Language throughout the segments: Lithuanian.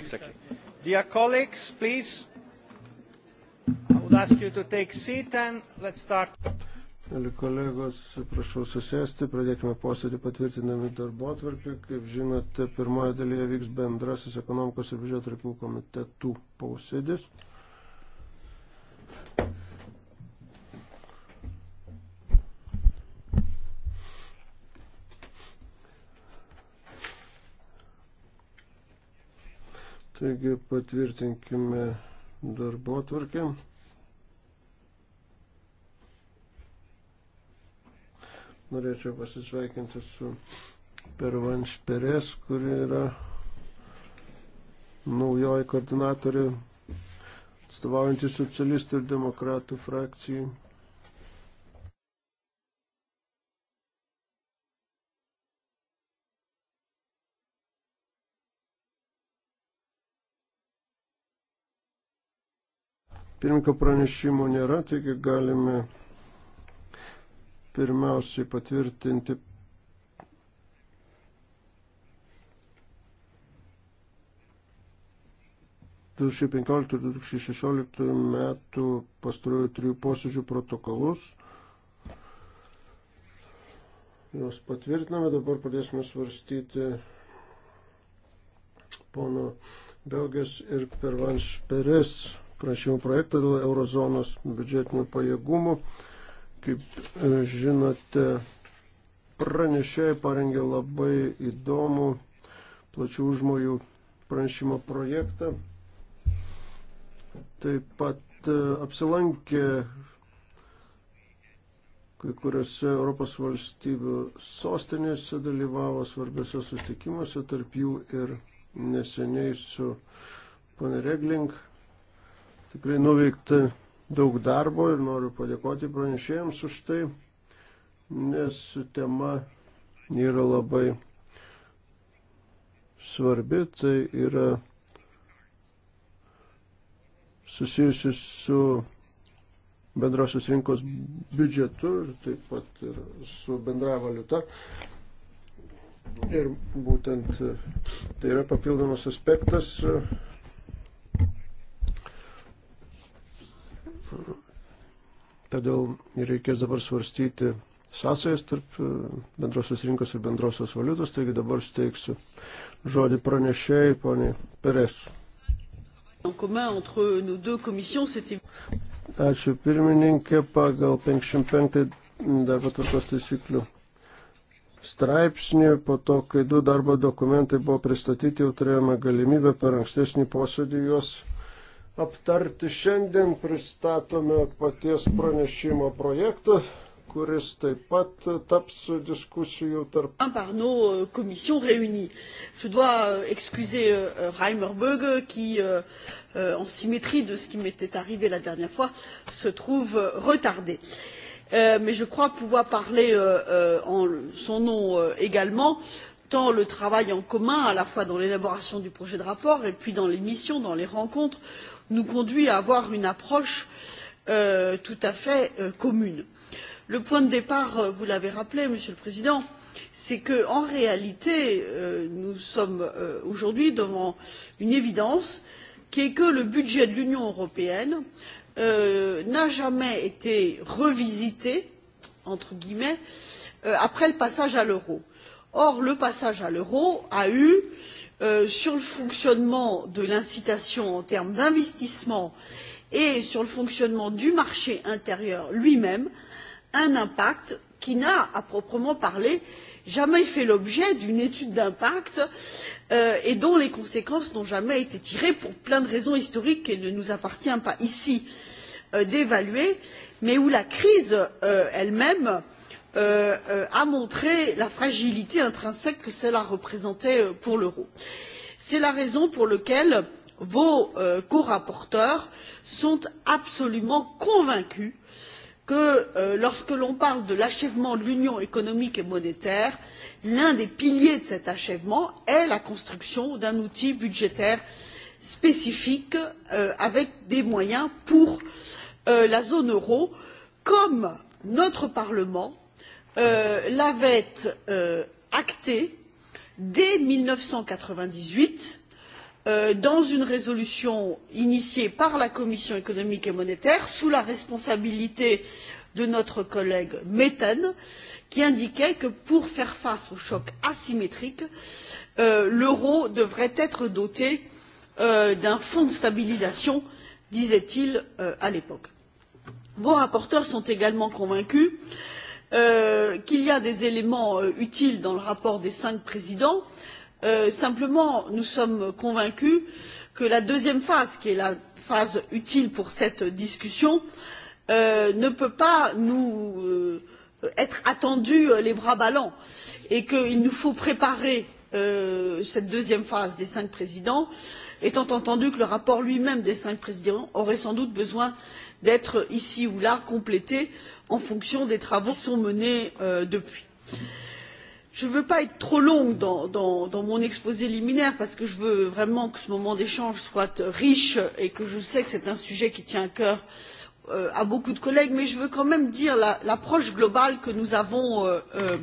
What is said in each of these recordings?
Exactly. Dear colleagues, please, I would ask you to take seat and let's start. Mėly kolegos, prašau susėsti, pradėkime posėdį patvirtinami darbo atvarkį. Kaip žinote, pirmoje dalyje vyks bendrasis ekonomikos ir biudžeto reikalų komitetų posėdis. Taigi patvirtinkime darbo tvarkę. Norėčiau pasisveikinti su Pervanš Perės, kuri yra naujoji koordinatorė atstovaujantį socialistų ir demokratų frakcijų. Pirmko pranešimų nėra, taigi galime pirmiausiai patvirtinti Du 2015-2016 metų pastarojų trijų posėdžių protokolus. Juos patvirtiname, dabar pradėsime svarstyti pono Belgės ir Pervanš Peres pranešimo projektą dėl eurozonos biudžetinių pajėgumų. Kaip e, žinote, pranešėjai parengė labai įdomų plačių užmojų pranešimo projektą. Taip pat e, apsilankė kai kuriuose Europos valstybių sostinėse dalyvavo svarbiose susitikimuose, tarp jų ir neseniai su pane Regling Tikrai nuveikta daug darbo ir noriu padėkoti pranešėjams už tai, nes tema yra labai svarbi, tai yra susijusi su bendrosios rinkos biudžetu ir taip pat ir su bendra valiuta. Ir būtent tai yra papildomas aspektas, Todėl reikės dabar svarstyti sąsajas tarp e, bendrosios rinkos ir bendrosios valiutos, taigi dabar steiksiu žodį pranešėjai, poniai Peres. Ačiū pirmininkė, pagal 55 darbo tvarkos taisyklių straipsnį, po to, kai du darbo dokumentai buvo pristatyti, jau turėjome galimybę per ankstesnį posėdį juos aptarti šiandien. Pristatome paties pranešimo projektą kuris taip pat taps diskusijų tarp. Par nos euh, commissions réunies. Je dois euh, excuser euh, Reimerberg qui, en symétrie de ce qui m'était arrivé la dernière fois, se trouve retardé. Mais je crois pouvoir parler en son nom également, tant le travail en commun, à la fois dans l'élaboration du projet de rapport et puis dans les missions, dans les rencontres, nous conduit à avoir une approche euh, tout à fait euh, commune. le point de départ euh, vous l'avez rappelé monsieur le président c'est qu'en réalité euh, nous sommes euh, aujourd'hui devant une évidence qui est que le budget de l'union européenne euh, n'a jamais été revisité entre guillemets après le passage à l'euro. or le passage à l'euro a eu pour euh, sur le fonctionnement de l'incitation en termes d'investissement et sur le fonctionnement du marché intérieur lui même un impact qui n'a à proprement parler jamais fait l'objet d'une étude d'impact euh, et dont les conséquences n'ont jamais été tirées pour plein de raisons historiques qu'il ne nous appartient pas ici euh, d'évaluer mais où la crise euh, elle même euh, Euh, euh, a montré la fragilité intrinsèque que cela représentait euh, pour l'euro. c'est la raison pour laquelle vos euh, corapporteurs sont absolument convaincus que euh, lorsque l'on parle de l'achèvement de l'union économique et monétaire l'un des piliers de cet achèvement est la construction d'un outil budgétaire spécifique euh, avec des moyens pour euh, la zone euro comme notre parlement euh, l'avait euh, acté dès mille neuf cent quatre vingt dix huit euh, dans une résolution initiée par la commission économique et monétaire sous la responsabilité de notre collègue metten qui indiquait que pour faire face au choc asymétrique euh, l'euro devrait être doté euh, d'un fonds de stabilisation disait il euh, à l'époque. vos rapporteurs sont également convaincus que euh, qu'il y a des éléments euh, utiles dans le rapport des cinq présidents. Euh, simplement, nous sommes convaincus que la deuxième phase, qui est la phase utile pour cette discussion, euh, ne peut pas nous euh, être attendue euh, les bras ballants et qu'il nous faut préparer euh, cette deuxième phase des cinq présidents étant entendu que le rapport lui même des cinq présidents aurait sans doute besoin d'être ici ou là complété en fonction des travaux qui sont menés euh, depuis. je ne veux pas être trop longue dans, dans, dans mon exposé liminaire parce que je veux vraiment que ce moment d'échange soit riche et que je sais que c'est un sujet qui tient à cœur euh, à beaucoup de collègues mais je veux quand même dire l'approche la, globale que nous avons euh, euh,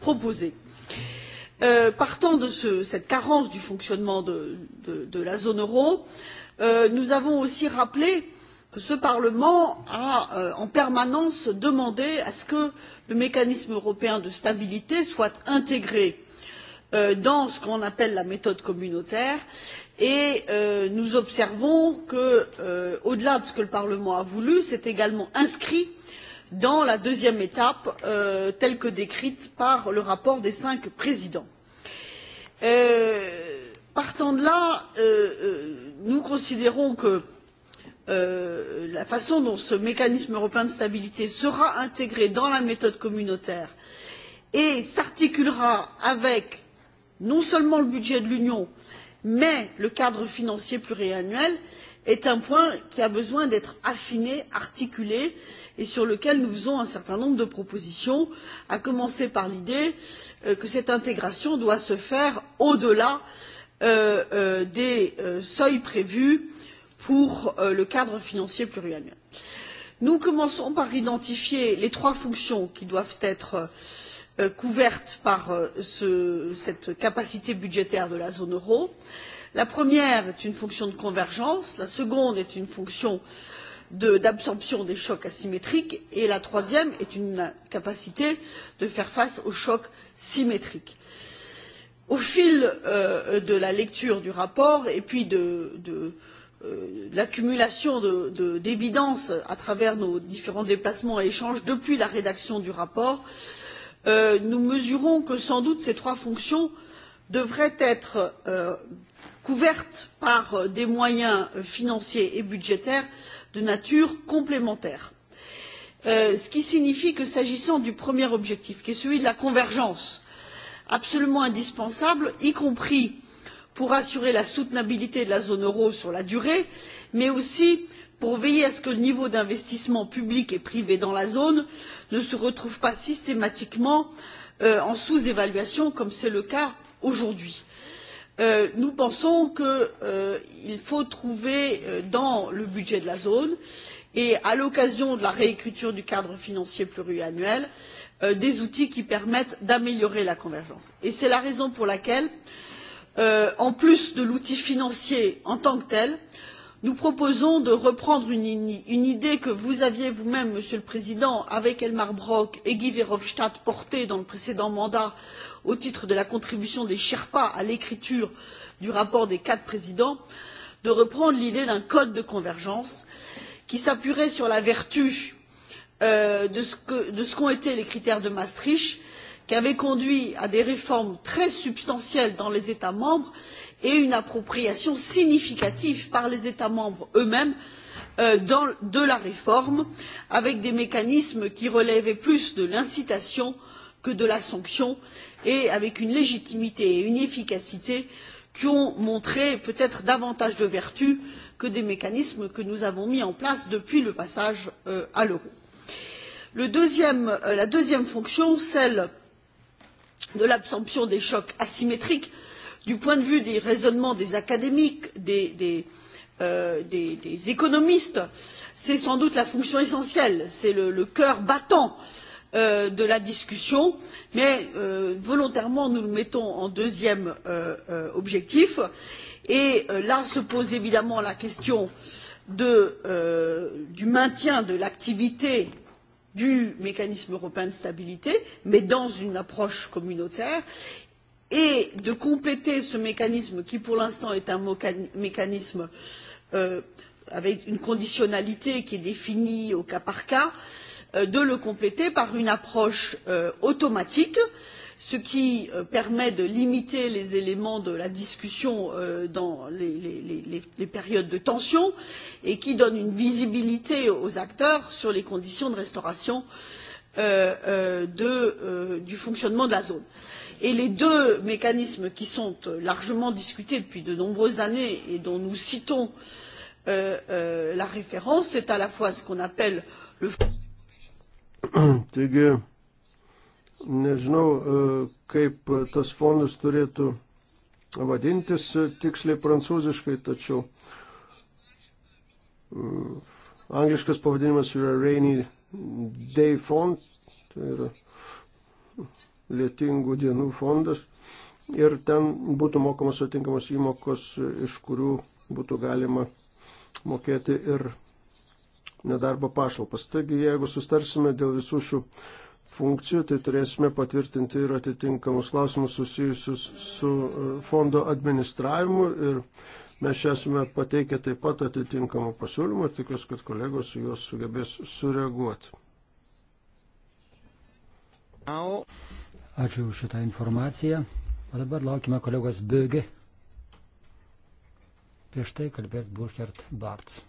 proposée. Euh, partant de ce, cette carence du fonctionnement de, de, de la zone euro euh, nous avons aussi rappelé euh, que ce Parlement a euh, en permanence demandé à ce que le mécanisme européen de stabilité soit intégré euh, dans ce qu'on appelle la méthode communautaire et euh, nous observons que euh, au delà de ce que le Parlement a voulu, c'est également inscrit dans la deuxième étape euh, telle que décrite par le rapport des cinq présidents. Euh, partant de là, euh, euh, nous considérons que euh, euh, la façon dont ce mécanisme européen de stabilité sera intégré dans la méthode communautaire et s'articulera avec non seulement le budget de l'union mais le cadre financier pluriannuel est un point qui a besoin d'être affiné articulé et sur lequel nous faisons un certain nombre de propositions à commencer par l'idée euh, que cette intégration doit se faire au delà euh, euh, des euh, seuils prévus pour euh, le cadre financier pluriannuel. Nous commençons par identifier les trois fonctions qui doivent être euh, couvertes par euh, ce, cette capacité budgétaire de la zone euro. La première est une fonction de convergence, la seconde est une fonction d'absorption de, des chocs asymétriques et la troisième est une capacité de faire face aux chocs symétriques au fil euh, de la lecture du rapport et puis de, de, Euh, l'accumulation d'évidences à travers nos différents déplacements et échanges depuis la rédaction du rapport euh, nous mesurons que sans doute ces trois fonctions devraient être euh, couvertes par euh, des moyens financiers et budgétaires de nature complémentaire euh, ce qui signifie que s'agissant du premier objectif qui est celui de la convergence absolument indispensable y compris pour assurer la soutenabilité de la zone euro sur la durée mais aussi pour veiller à ce que le niveau d'investissement public et privé dans la zone ne se retrouve pas systématiquement euh, en sous évaluation comme c'est le cas aujourd'hui. Euh, nous pensons qu'il euh, faut trouver euh, dans le budget de la zone et à l'occasion de la réécriture du cadre financier pluriannuel euh, des outils qui permettent d'améliorer la convergence. c'est la raison pour laquelle nous euh, en plus de l'outil financier en tant que tel nous proposons de reprendre une, une idée que vous aviez vous même monsieur le président avec elmar brok et guy verhofstadt portée dans le précédent mandat au titre de la contribution des sherpas à l'écriture du rapport des quatre présidents de reprendre l'idée d'un code de convergence qui s'appuierait sur la vertu euh, de ce qu'ont été les critères de maastricht qui avait conduit à des réformes très substantielles dans les états membres et une appropriation significative par les états membres eux mêmes euh, de la réforme avec des mécanismes qui relevaient plus de l'incitation que de la sanction et avec une légitimité et une efficacité qui ont montré peut être davantage de vertus que des mécanismes que nous avons mis en place depuis le passage euh, à l'euro. Euh, la deuxième fonction celle de l'absorption des chocs asymétriques du point de vue des raisonnements des académiques des, des, euh, des, des économistes c'est sans doute la fonction essentielle c'est le, le cœur battant euh, de la discussion mais euh, volontairement nous le mettons en deuxième euh, euh, objectif et euh, là se pose évidemment la question de, du maintien de l'activité du mécanisme européen de stabilité, mais dans une approche communautaire, et de compléter ce mécanisme qui, pour l'instant, est un mécanisme euh, avec une conditionnalité qui est définie au cas par cas, euh, de le compléter par une approche euh, automatique euh, ce qui euh, permet de limiter les éléments de la discussion euh, dans les, les, les, les périodes de tension et qui donne une visibilité aux acteurs sur les conditions de restauration euh, euh, de, euh, du fonctionnement de la zone. Et les deux mécanismes qui sont largement discutés depuis de nombreuses années et dont nous citons euh, euh, la référence, c'est à la fois ce qu'on appelle le Taigi, Nežinau, e, kaip tas fondas turėtų vadintis e, tiksliai prancūziškai, tačiau e, angliškas pavadinimas yra Rainy Day Fond, tai yra lietingų dienų fondas. Ir ten būtų mokamos atinkamos įmokos, iš kurių būtų galima mokėti ir nedarbo pašalpas. Taigi, jeigu sustarsime dėl visų šių funkcijų, tai turėsime patvirtinti ir atitinkamus klausimus susijusius su e, fondo administravimu ir mes čia esame pateikę taip pat atitinkamų pasiūlymų ir tikiuosi, kad kolegos juos sugebės sureaguoti. Ačiū už šitą informaciją. O dabar laukime kolegos Bögi. Prieš tai kalbės Burkhard Barts.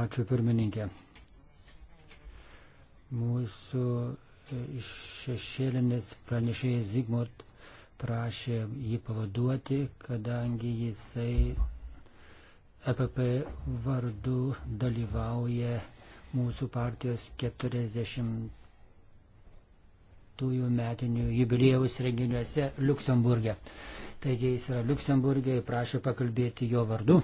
Ačiū pirmininkė. Mūsų e, šešėlinis pranešėjas Zygmut prašė jį pavaduoti, kadangi jisai EPP vardu dalyvauja mūsų partijos 40-ųjų metinių jubiliejaus renginiuose Luksemburgė. Taigi jis yra Luksemburgė ir prašė pakalbėti jo vardu.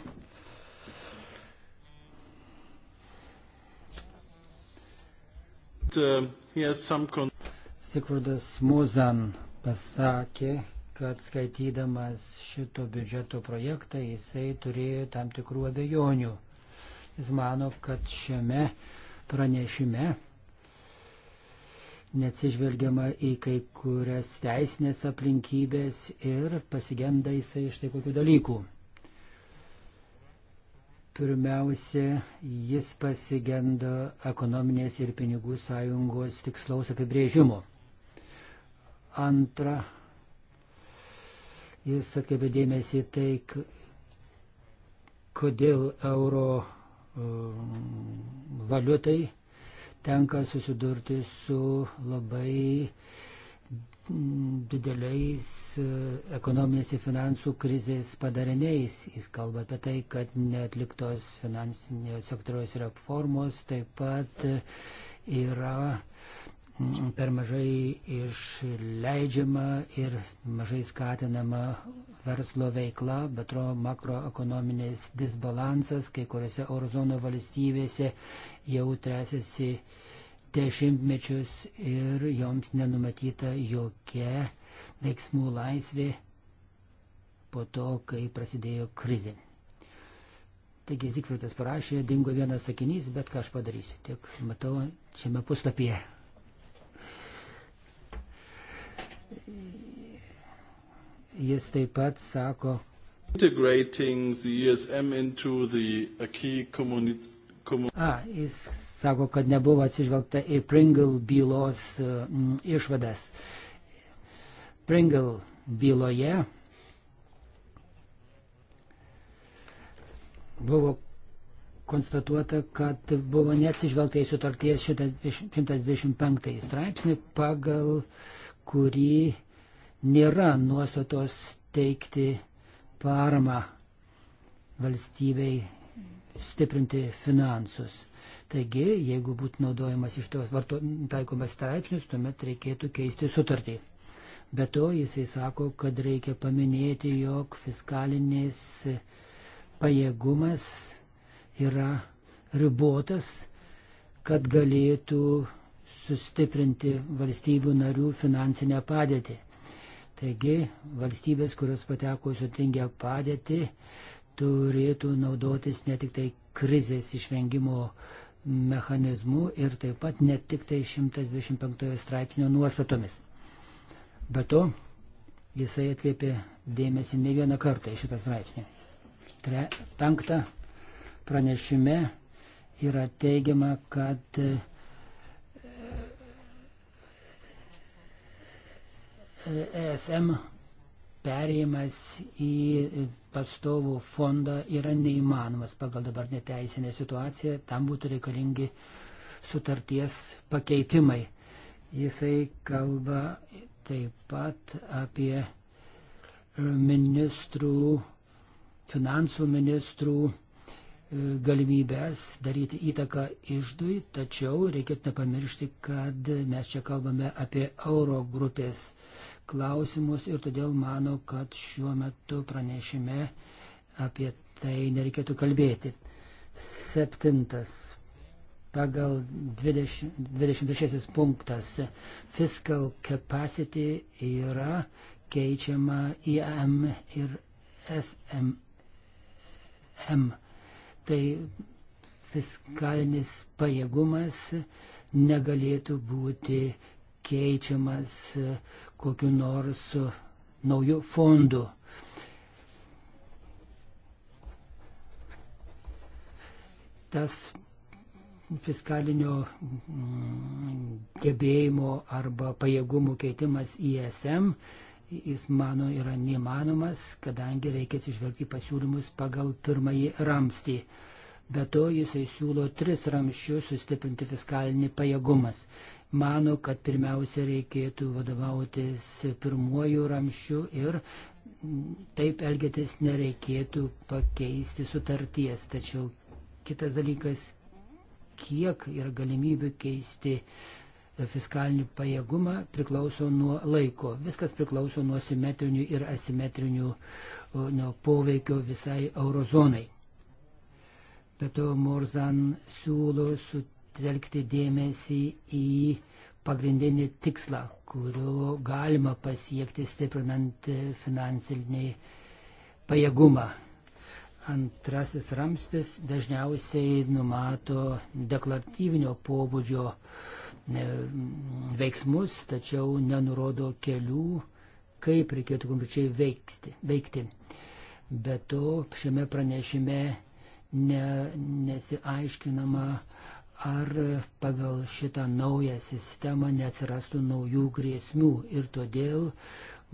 Uh, some... Sikurdas Muzan pasakė, kad skaitydamas šito biudžeto projektą jisai turėjo tam tikrų abejonių. Jis mano, kad šiame pranešime neatsižvelgiama į kai kurias teisinės aplinkybės ir pasigenda jisai iš tai kokių dalykų. Pirmiausia, jis pasigenda ekonominės ir pinigų sąjungos tikslaus apibrėžimo. Antra, jis atkreipė dėmesį tai, kodėl euro um, valiutai tenka susidurti su labai uh, dideliais e, ekonominės ir finansų krizės padariniais. Jis kalba apie tai, kad netliktos finansinio sektoriaus reformos taip pat e, yra per mažai išleidžiama ir mažai skatinama verslo veikla, bet to makroekonominės disbalansas kai kuriuose eurozono valstybėse jau tęsiasi dešimtmečius ir joms nenumatyta jokia veiksmų laisvė po to, kai prasidėjo krizė. Taigi Zikvirtas parašė, dingo vienas sakinys, bet ką aš padarysiu, tiek matau šiame puslapyje. Jis taip pat sako. Integrating the ESM into the key community A, jis sako, kad nebuvo atsižvelgta į Pringle bylos m, išvadas. Pringle byloje buvo konstatuota, kad buvo neatsižvelgta į sutarties 125 straipsnį, pagal kurį nėra nuostatos teikti paramą valstybei stiprinti finansus. Taigi, jeigu būtų naudojamas iš tos varto, taikomas straipsnius, tuomet reikėtų keisti sutartį. Be to, jisai sako, kad reikia paminėti, jog fiskalinis pajėgumas yra ribotas, kad galėtų sustiprinti valstybių narių finansinę padėtį. Taigi valstybės, kurios pateko į sutinkę padėtį, turėtų naudotis ne tik tai krizės išvengimo mechanizmų ir taip pat ne tik tai 125 straipsnio nuostatomis. Be to, jisai atkreipė dėmesį ne vieną kartą į šitą straipsnį. Tre, penktą pranešime yra teigiama, kad ESM e, e perėjimas į pastovų fondą yra neįmanomas pagal dabartinę teisinę situaciją, tam būtų reikalingi sutarties pakeitimai. Jisai kalba taip pat apie e, ministrų, finansų ministrų e, galimybės daryti įtaką išdui, tačiau reikėtų nepamiršti, kad mes čia kalbame apie euro grupės klausimus ir todėl mano, kad šiuo metu pranešime apie tai nereikėtų kalbėti. Septintas. Pagal 20, 26 punktas fiscal capacity yra keičiama IAM ir SMM. Tai fiskalinis pajėgumas negalėtų būti keičiamas kokiu nors nauju fondu. Tas fiskalinio mm, gebėjimo arba pajėgumų keitimas ISM, e jis mano yra neįmanomas, kadangi reikia atsižvelgti pasiūlymus pagal pirmąjį ramstį. Be to jisai siūlo tris ramščius sustiprinti fiskalinį pajėgumas mano, kad pirmiausia reikėtų vadovautis pirmuoju ramščiu ir taip elgėtis nereikėtų pakeisti sutarties. Tačiau kitas dalykas, kiek yra galimybių keisti fiskalinį pajėgumą priklauso nuo laiko. Viskas priklauso nuo simetrinių ir asimetrinių nuo poveikio visai eurozonai. Be to Morzan siūlo su sutelkti dėmesį į pagrindinį tikslą, kurio galima pasiekti stiprinant finansinį pajėgumą. Antrasis ramstis dažniausiai numato deklaratyvinio pobūdžio e, veiksmus, tačiau nenurodo kelių, kaip reikėtų konkrečiai veikti. veikti. Be to, šiame pranešime ne, nesiaiškinama, ar pagal šitą naują sistemą neatsirastų naujų grėsmių ir todėl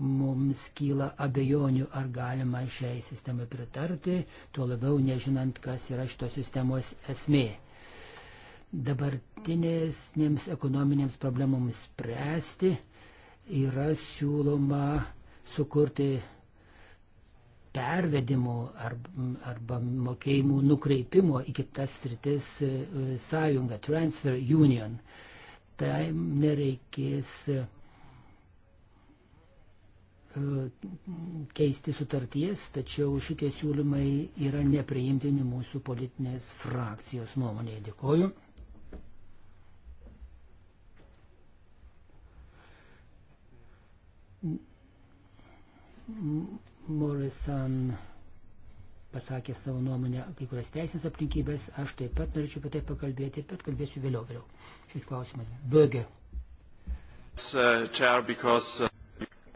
mums kyla abejonių, ar galima šiai sistemai pritarti, tuo labiau nežinant, kas yra šitos sistemos esmė. Dabartinėms ekonominėms problemams spręsti yra siūloma sukurti pervedimo arba mokėjimų nukreipimo į kitas sritis e, sąjunga, transfer union. Tai nereikės e, keisti sutarties, tačiau šitie siūlymai yra nepriimtini mūsų politinės frakcijos nuomonėje. Dėkoju. Mm-hmm. Morrison pasakė savo nuomonę kai kurias teisinės aplinkybės, aš taip pat norėčiau apie tai pakalbėti, bet kalbėsiu vėliau vėliau. Šis klausimas. Bögė. Uh, uh,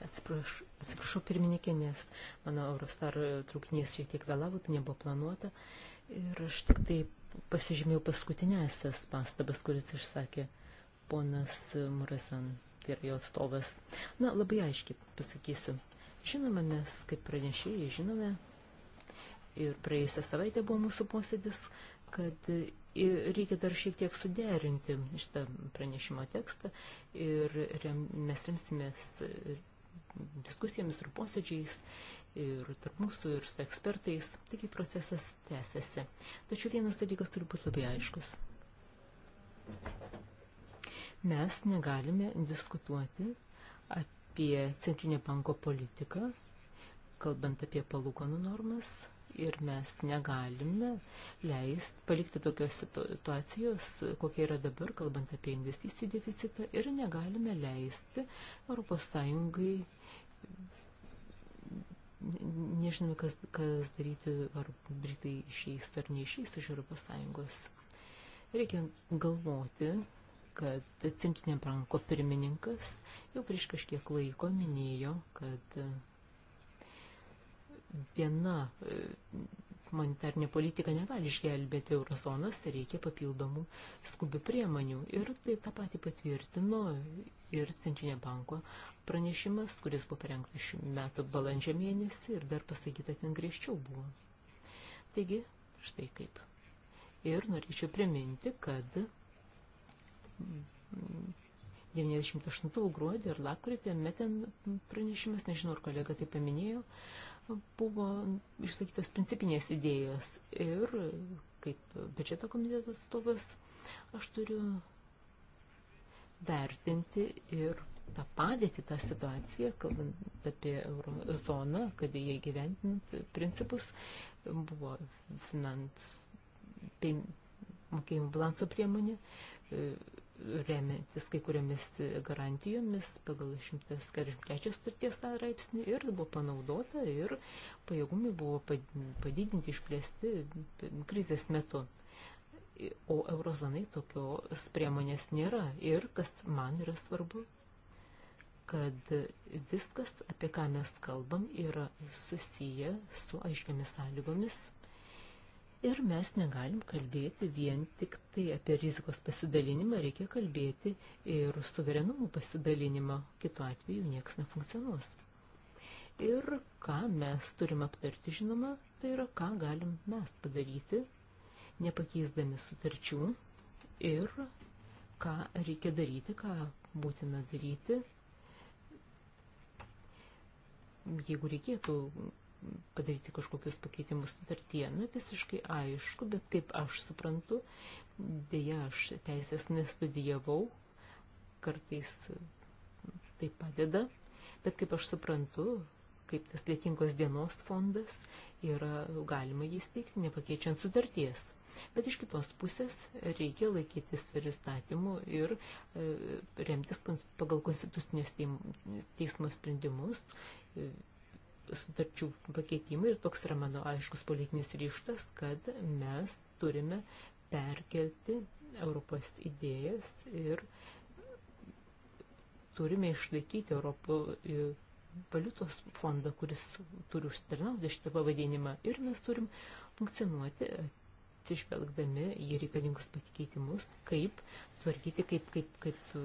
atsiprašau, atsiprašau pirmininkė, nes mano Eurostar truknys šiek tiek vėlavo, tai nebuvo planuota. Ir aš tik tai pasižymėjau paskutinėsias pastabas, kuris išsakė ponas Morrison, tai yra jo atstovas. Na, labai aiškiai pasakysiu Žinoma, mes kaip pranešėjai žinome, ir praėjusią savaitę buvo mūsų posėdis, kad reikia dar šiek tiek suderinti šitą pranešimo tekstą ir rem, mes remsimės diskusijomis ir posėdžiais ir tarp mūsų ir su ekspertais, taigi procesas tęsiasi. Tačiau vienas dalykas turi būti labai aiškus. Mes negalime diskutuoti apie Centrinio banko politiką, kalbant apie palūkanų normas. Ir mes negalime leist palikti tokios situacijos, kokia yra dabar, kalbant apie investicijų deficitą, ir negalime leisti ES nežinome, kas, kas daryti, ar Britai išeis ar neišeis iš Europos Sąjungos. Reikia galvoti, kad Centrinė banko pirmininkas jau prieš kažkiek laiko minėjo, kad e, viena e, monetarnė politika negali išgelbėti eurozonos, tai reikia papildomų skubių priemonių. Ir tai tą patį patvirtino ir Centrinė banko pranešimas, kuris buvo parengtas šių metų balandžio mėnesį ir dar pasakyta ten griežčiau buvo. Taigi, štai kaip. Ir norėčiau priminti, kad 98 gruodį ir lakrytį meten pranešimas, nežinau, ar kolega tai paminėjo, buvo išsakytos principinės idėjos ir kaip biudžeto komiteto atstovas aš turiu vertinti ir tą padėtį, tą situaciją, kalbant apie eurozoną, kad jie gyventinant principus buvo finans, mokėjimų balanso priemonė, remiantis kai kuriomis garantijomis pagal 143 sutarties straipsnį ir buvo panaudota ir pajėgumai buvo padidinti, išplėsti krizės metu. O eurozonai tokios priemonės nėra. Ir kas man yra svarbu, kad viskas, apie ką mes kalbam, yra susiję su aiškiamis sąlygomis Ir mes negalim kalbėti vien tik tai apie rizikos pasidalinimą, reikia kalbėti ir suverenumo pasidalinimą, kitu atveju nieks nefunkcionuos. Ir ką mes turim aptarti, žinoma, tai yra, ką galim mes padaryti, nepakeisdami sutarčių ir ką reikia daryti, ką būtina daryti, jeigu reikėtų padaryti kažkokius pakeitimus sutartyje. Na, visiškai aišku, bet kaip aš suprantu, dėja aš teisės nestudijavau, kartais tai padeda, bet kaip aš suprantu, kaip tas lėtingos dienos fondas yra galima jį steigti, nepakeičiant sutarties. Bet iš kitos pusės reikia laikytis ir įstatymų ir e, remtis pagal konstitucinės teismo sprendimus, e, sutarčių pakeitimai ir toks yra mano aiškus politinis ryštas, kad mes turime perkelti Europos idėjas ir turime išlaikyti Europo e, valiutos fondą, kuris turi užsitarnauti šitą pavadinimą ir mes turim funkcionuoti atsižvelgdami į reikalingus pasikeitimus, kaip tvarkyti, kaip, kaip, kaip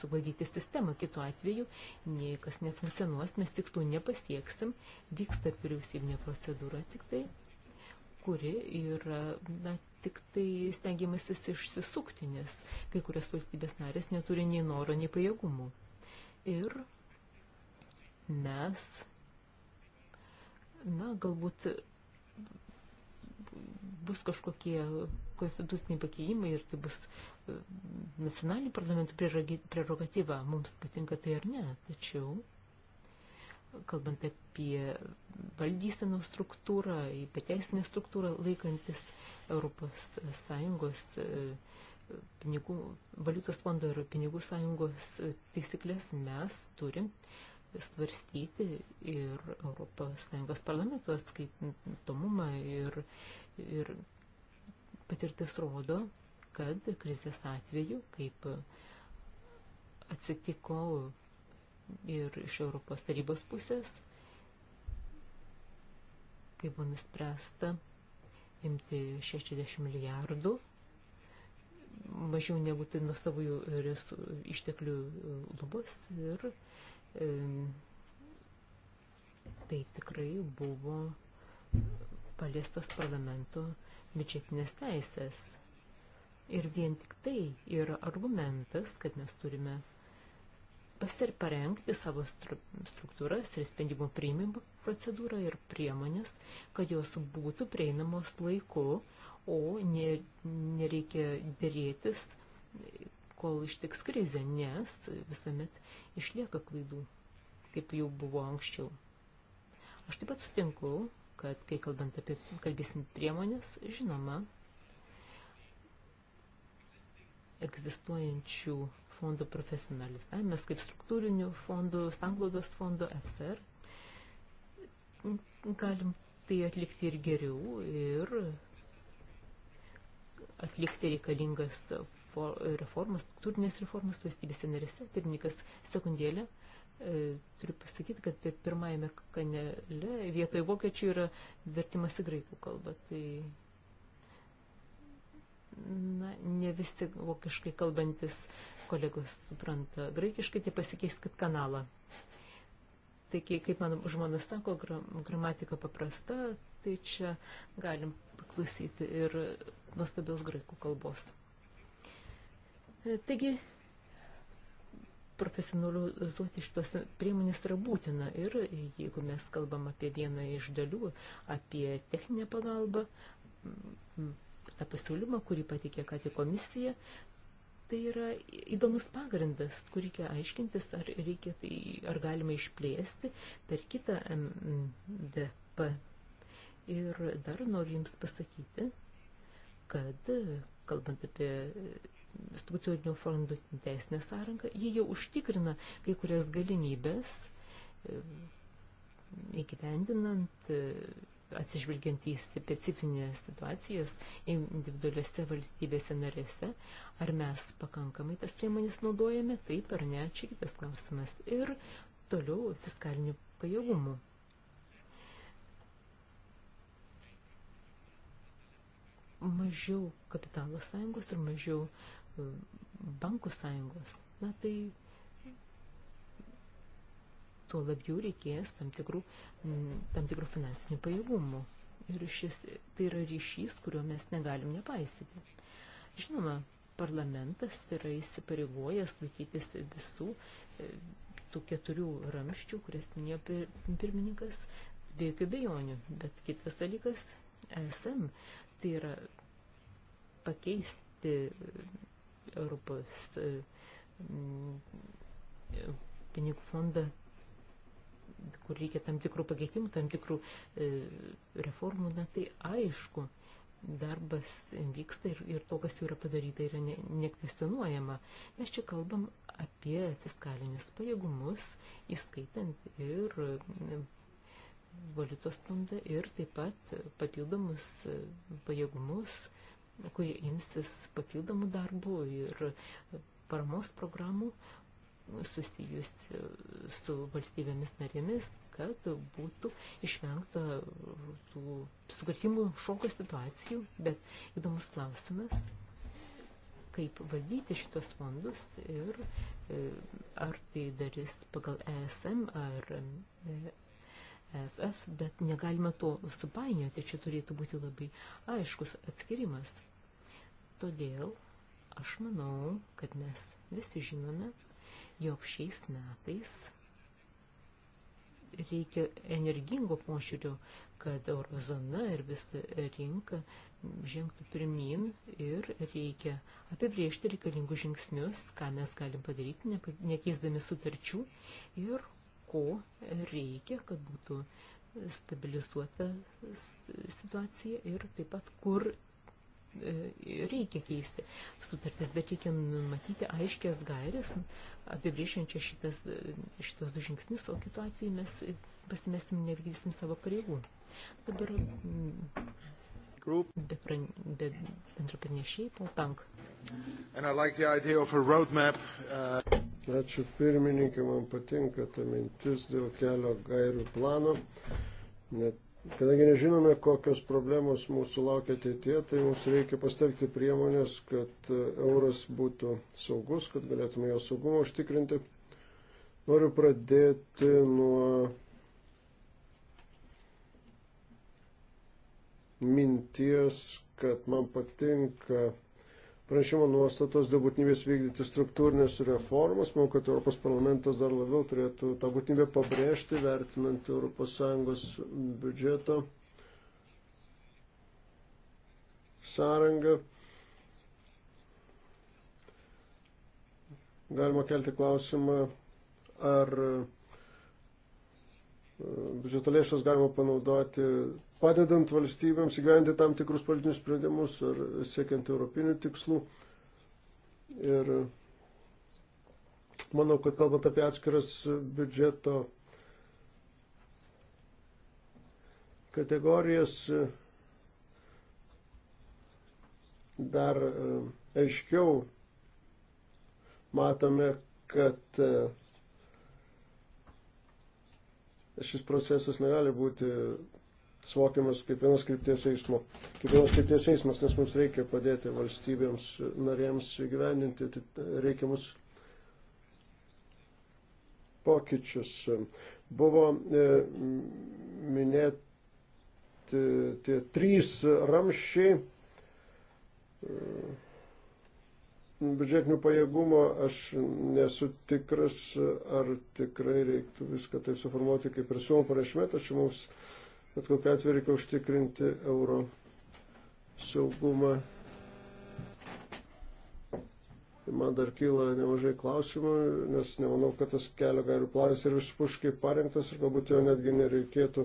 suvaldyti sistemą. Kitu atveju niekas nefunkcionuos, mes tikslų nepasieksim, vyksta vyriausybinė procedūra tik tai, kuri yra na, tik tai stengiamasis išsisukti, nes kai kurios valstybės narės neturi nei noro, nei pajėgumų. Ir mes, na, galbūt bus kažkokie konstituciniai pakeitimai ir tai bus nacionalinių parlamentų prerogatyva, mums patinka tai ar ne, tačiau kalbant apie valdysenos struktūrą, apie teisinę struktūrą, laikantis Europos Sąjungos pinigų, valiutos fondo ir pinigų sąjungos taisyklės mes turim svarstyti ir Europos Sąjungos parlamento atskaitomumą ir, ir patirtis rodo, kad krizės atveju, kaip atsitiko ir iš Europos tarybos pusės, kai buvo nuspręsta imti 60 milijardų, mažiau negu tai nuo savųjų išteklių lubos ir e, tai tikrai buvo paliestos parlamento biudžetinės teisės Ir vien tik tai yra argumentas, kad mes turime pasir parengti savo stru struktūras ir sprendimų priimimo procedūrą ir priemonės, kad jos būtų prieinamos laiku, o ne, nereikia dėrėtis, kol ištiks krizė, nes visuomet išlieka klaidų, kaip jau buvo anksčiau. Aš taip pat sutinku, kad kai kalbant apie, kalbėsim priemonės, žinoma, egzistuojančių fondų profesionalizavimas kaip struktūrinių fondų, sanglaudos fondų, FSR. Galim tai atlikti ir geriau ir atlikti reikalingas reformas, struktūrinės reformas valstybėse narėse. Pirmininkas sekundėlė, e, turiu pasakyti, kad pirmajame kanale vietoje vokiečių yra vertimas į graikų kalbą. Tai na, ne visi vokiškai kalbantis kolegos supranta graikiškai, tai pasikeiskit kanalą. Taigi, kaip man žmona sako, gramatika paprasta, tai čia galim paklausyti ir nuostabios graikų kalbos. Taigi, profesionalizuoti šitas priemonės yra būtina ir jeigu mes kalbam apie vieną iš dalių, apie techninę pagalbą, tą pasiūlymą, kurį patikė ką tik komisija. Tai yra įdomus pagrindas, kur reikia aiškintis, ar, reikia, tai, ar galima išplėsti per kitą MDP. Ir dar noriu Jums pasakyti, kad, kalbant apie struktūrinių fondų teisinę sąrangą, jie jau užtikrina kai kurias galimybės e, įgyvendinant e, atsižvelgiant į specifinės situacijas individualiuose valstybėse narėse, ar mes pakankamai tas priemonės naudojame, taip ar ne, čia kitas klausimas. Ir toliau fiskalinių pajėgumų. Mažiau kapitalo sąjungos ir mažiau um, bankų sąjungos. Na tai tuo labiau reikės tam tikrų, tam tikrų finansinių pajėgumų. Ir šis, tai yra ryšys, kurio mes negalim nepaisyti. Žinoma, parlamentas yra įsipareigojęs laikytis visų e, tų keturių ramščių, kurias minėjo pirmininkas, be jokių bejonių. Bet kitas dalykas, ESM, tai yra pakeisti Europos e, pinigų fondą kur reikia tam tikrų pakeitimų, tam tikrų e, reformų, na tai aišku, darbas vyksta ir, ir to, kas jau yra padaryta, yra ne, nekvestionuojama. Mes čia kalbam apie fiskalinius pajėgumus, įskaitant ir e, valiutos fondą ir taip pat papildomus e, pajėgumus, kurie imsis papildomų darbų ir e, paramos programų, susijusi e, su valstybėmis narėmis, kad būtų išvengta tų sukrėtimų šoko situacijų, bet įdomus klausimas, kaip valdyti šitos fondus ir e, ar tai darys pagal ESM ar FF, e, bet negalima to supainioti, čia turėtų būti labai aiškus atskirimas. Todėl aš manau, kad mes visi žinome, jog šiais metais reikia energingo požiūrio, kad eurozona ir visa rinka žengtų pirmin ir reikia apibriežti reikalingus žingsnius, ką mes galim padaryti, nekeisdami sutarčių ir ko reikia, kad būtų stabilizuota situacija ir taip pat kur E, reikia keisti sutartis, bet reikia numatyti aiškės gairės, apibrėžiančią šitas, šitas du žingsnius, o kitu atveju mes pasimestim nevykdysim savo pareigų. Dabar be, pran, be bendro pranešiai, po tank. Like roadmap, uh... Ačiū pirmininkė, man patinka ta mintis dėl kelio gairių plano. Net Kadangi nežinome, kokios problemos mūsų laukia ateitie, tai mums reikia pastelgti priemonės, kad e, euras būtų saugus, kad galėtume jo saugumą užtikrinti. Noriu pradėti nuo minties, kad man patinka pranešimo nuostatos dėl būtinybės vykdyti struktūrinės reformas. Manau, kad Europos parlamentas dar labiau turėtų tą būtinybę pabrėžti, vertinant ES biudžeto sąrangą. Galima kelti klausimą, ar e, biudžeto lėšas galima panaudoti padedant valstybėms įgyventi tam tikrus politinius sprendimus ar siekiant europinių tikslų. Ir manau, kad kalbant apie atskiras biudžeto kategorijas, dar e, aiškiau matome, kad e, šis procesas negali būti suvokiamas kaip vienos krypties eismo, kaip vienos krypties eismas, nes mums reikia padėti valstybėms narėms gyveninti reikiamus pokyčius. Buvo e, minėti tie trys ramščiai. E, biudžetinių pajėgumo aš nesu tikras, ar tikrai reiktų viską taip suformuoti kaip ir siūlom pranešime, tačiau mums bet kokiu atveju reikia užtikrinti euro saugumą. Man dar kyla nemažai klausimų, nes nemanau, kad tas kelio gairių planas yra visiškai parengtas ir galbūt jo netgi nereikėtų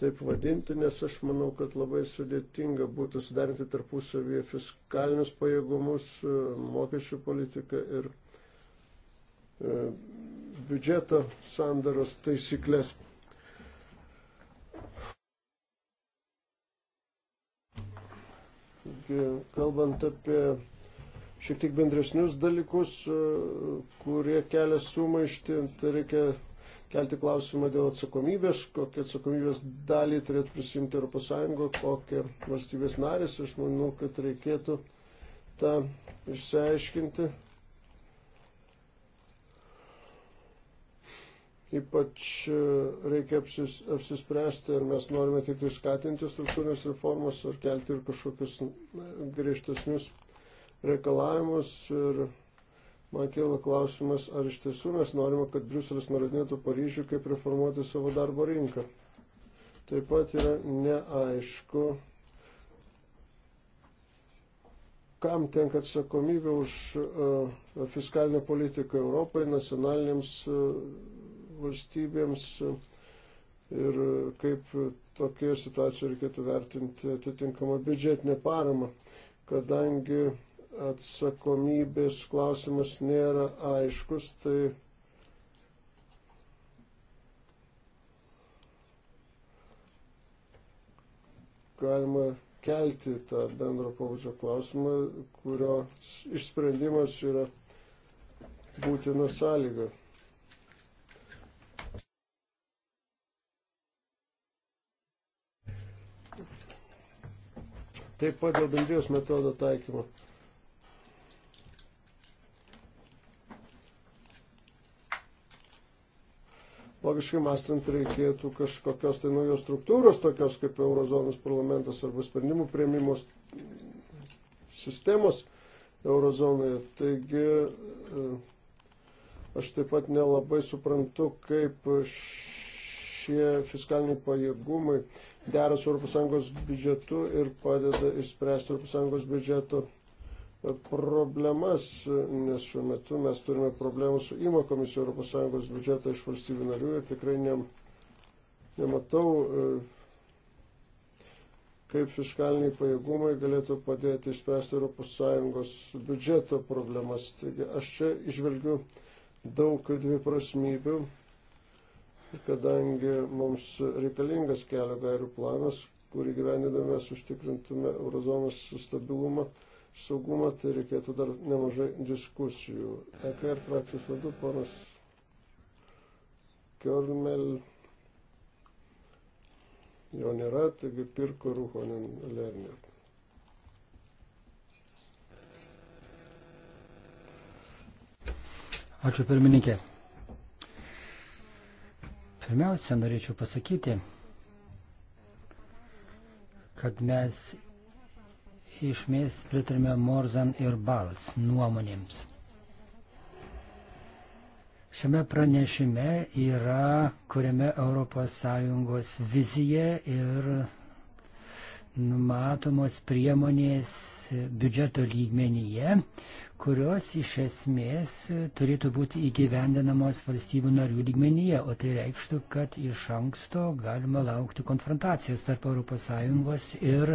taip vadinti, nes aš manau, kad labai sudėtinga būtų sudarinti tarpusavyje fiskalinius pajėgumus, mokesčių politiką ir e, biudžeto sandaros taisyklės. kalbant apie šiek tiek bendresnius dalykus, e, kurie kelia sumaištį, tai reikia kelti klausimą dėl atsakomybės, kokią atsakomybės dalį turėtų prisimti ES, kokią valstybės narės. Aš manau, kad reikėtų tą išsiaiškinti. Ypač e, reikia apsis, apsispręsti, ar mes norime tik tai skatinti struktūrinės reformas, ar kelti ir kažkokius griežtesnius reikalavimus. Ir man kėla klausimas, ar iš tiesų mes norime, kad Briuselis nurodinėtų Paryžių, kaip reformuoti savo darbo rinką. Taip pat yra neaišku, kam tenka atsakomybė už uh, fiskalinę politiką Europai, nacionalinėms. Uh, e, valstybėms ir kaip tokioje situacijoje reikėtų vertinti atitinkamą biudžetinę paramą, kadangi atsakomybės klausimas nėra aiškus, tai galima kelti tą bendro pavadžio klausimą, kurio išsprendimas yra būtina sąlyga. Taip pat dėl bendrijos metodo taikymo. Logiškai mąstant reikėtų kažkokios tai naujos struktūros, tokios kaip Eurozonos parlamentas arba sprendimų prieimimos sistemos Eurozonoje. Taigi e, aš taip pat nelabai suprantu, kaip šie fiskaliniai pajėgumai dera su ES biudžetu ir padeda išspręsti ES biudžeto e, problemas, nes šiuo metu mes turime problemų su įmokomis ES biudžetą iš valstybių narių ir tikrai ne, nematau, e, kaip fiskaliniai pajėgumai galėtų padėti išspręsti ES biudžeto problemas. Taigi aš čia išvelgiu daug dviprasmybių kadangi mums reikalingas kelio gairių planas, kurį gyvenidami mes užtikrintume eurozonos stabilumą, saugumą, tai reikėtų dar nemažai diskusijų. EKR frakcijos vadu ponas Kjörmel jo nėra, taigi pirko Ruhonen Lerner. Ačiū pirmininkė. Pirmiausia, norėčiau pasakyti, kad mes išmės pritarėme Morzan ir Bals nuomonėms. Šiame pranešime yra kuriame ES vizija ir numatomos priemonės biudžeto lygmenyje, kurios iš esmės turėtų būti įgyvendinamos valstybių narių lygmenyje, o tai reikštų, kad iš anksto galima laukti konfrontacijos tarp ES ir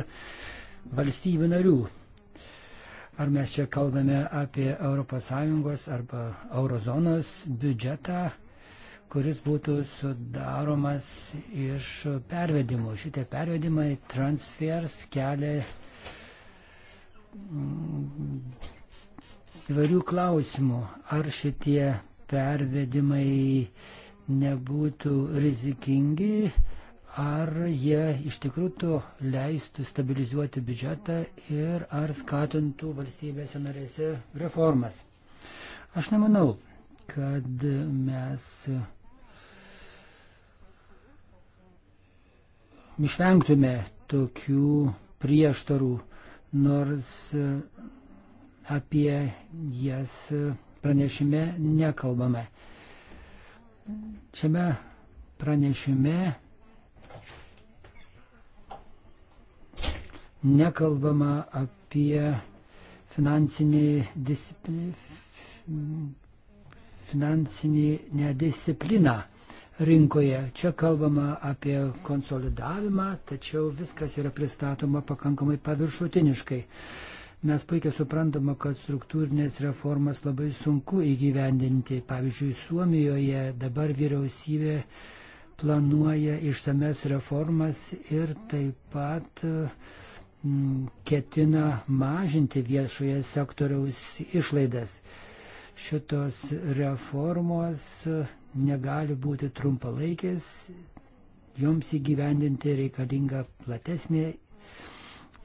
valstybių narių. Ar mes čia kalbame apie ES arba eurozonos biudžetą, kuris būtų sudaromas iš pervedimų. Šitie pervedimai transfers kelia įvairių klausimų, ar šitie pervedimai nebūtų rizikingi, ar jie iš tikrųjų leistų stabilizuoti biudžetą ir ar skatintų valstybėse narėse reformas. Aš nemanau, kad mes išvengtume tokių prieštarų, nors apie jas pranešime nekalbame. Šiame pranešime nekalbama apie finansinį discipliną finansinį nediscipliną rinkoje. Čia kalbama apie konsolidavimą, tačiau viskas yra pristatoma pakankamai paviršutiniškai. Mes puikiai suprantame, kad struktūrinės reformas labai sunku įgyvendinti. Pavyzdžiui, Suomijoje dabar vyriausybė planuoja išsames reformas ir taip pat mm, ketina mažinti viešoje sektoriaus išlaidas. Šitos reformos negali būti trumpalaikės, joms įgyvendinti reikalinga platesnė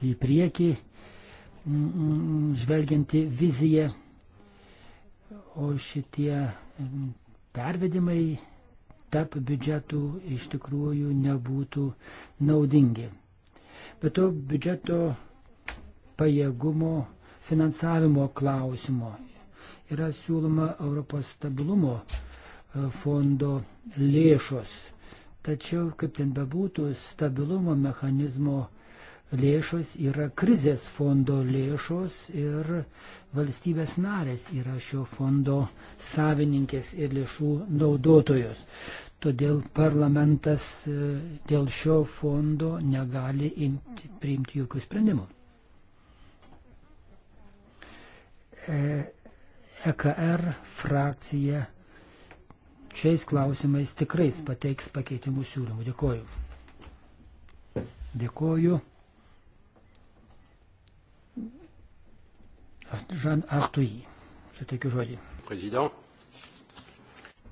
į priekį žvelgianti vizija. O šitie pervedimai tarp biudžetų iš tikrųjų nebūtų naudingi. Bet to biudžeto pajėgumo finansavimo klausimo yra siūloma Europos stabilumo e, fondo lėšos. Tačiau, kaip ten bebūtų, stabilumo mechanizmo lėšos yra krizės fondo lėšos ir valstybės narės yra šio fondo savininkės ir lėšų naudotojos. Todėl parlamentas e, dėl šio fondo negali imti, priimti jokių sprendimų. EKR e frakcija šiais klausimais tikrais pateiks pakeitimų siūlymų. Dėkoju. Dėkoju. Žan Artui. Suteikiu žodį. Prezident.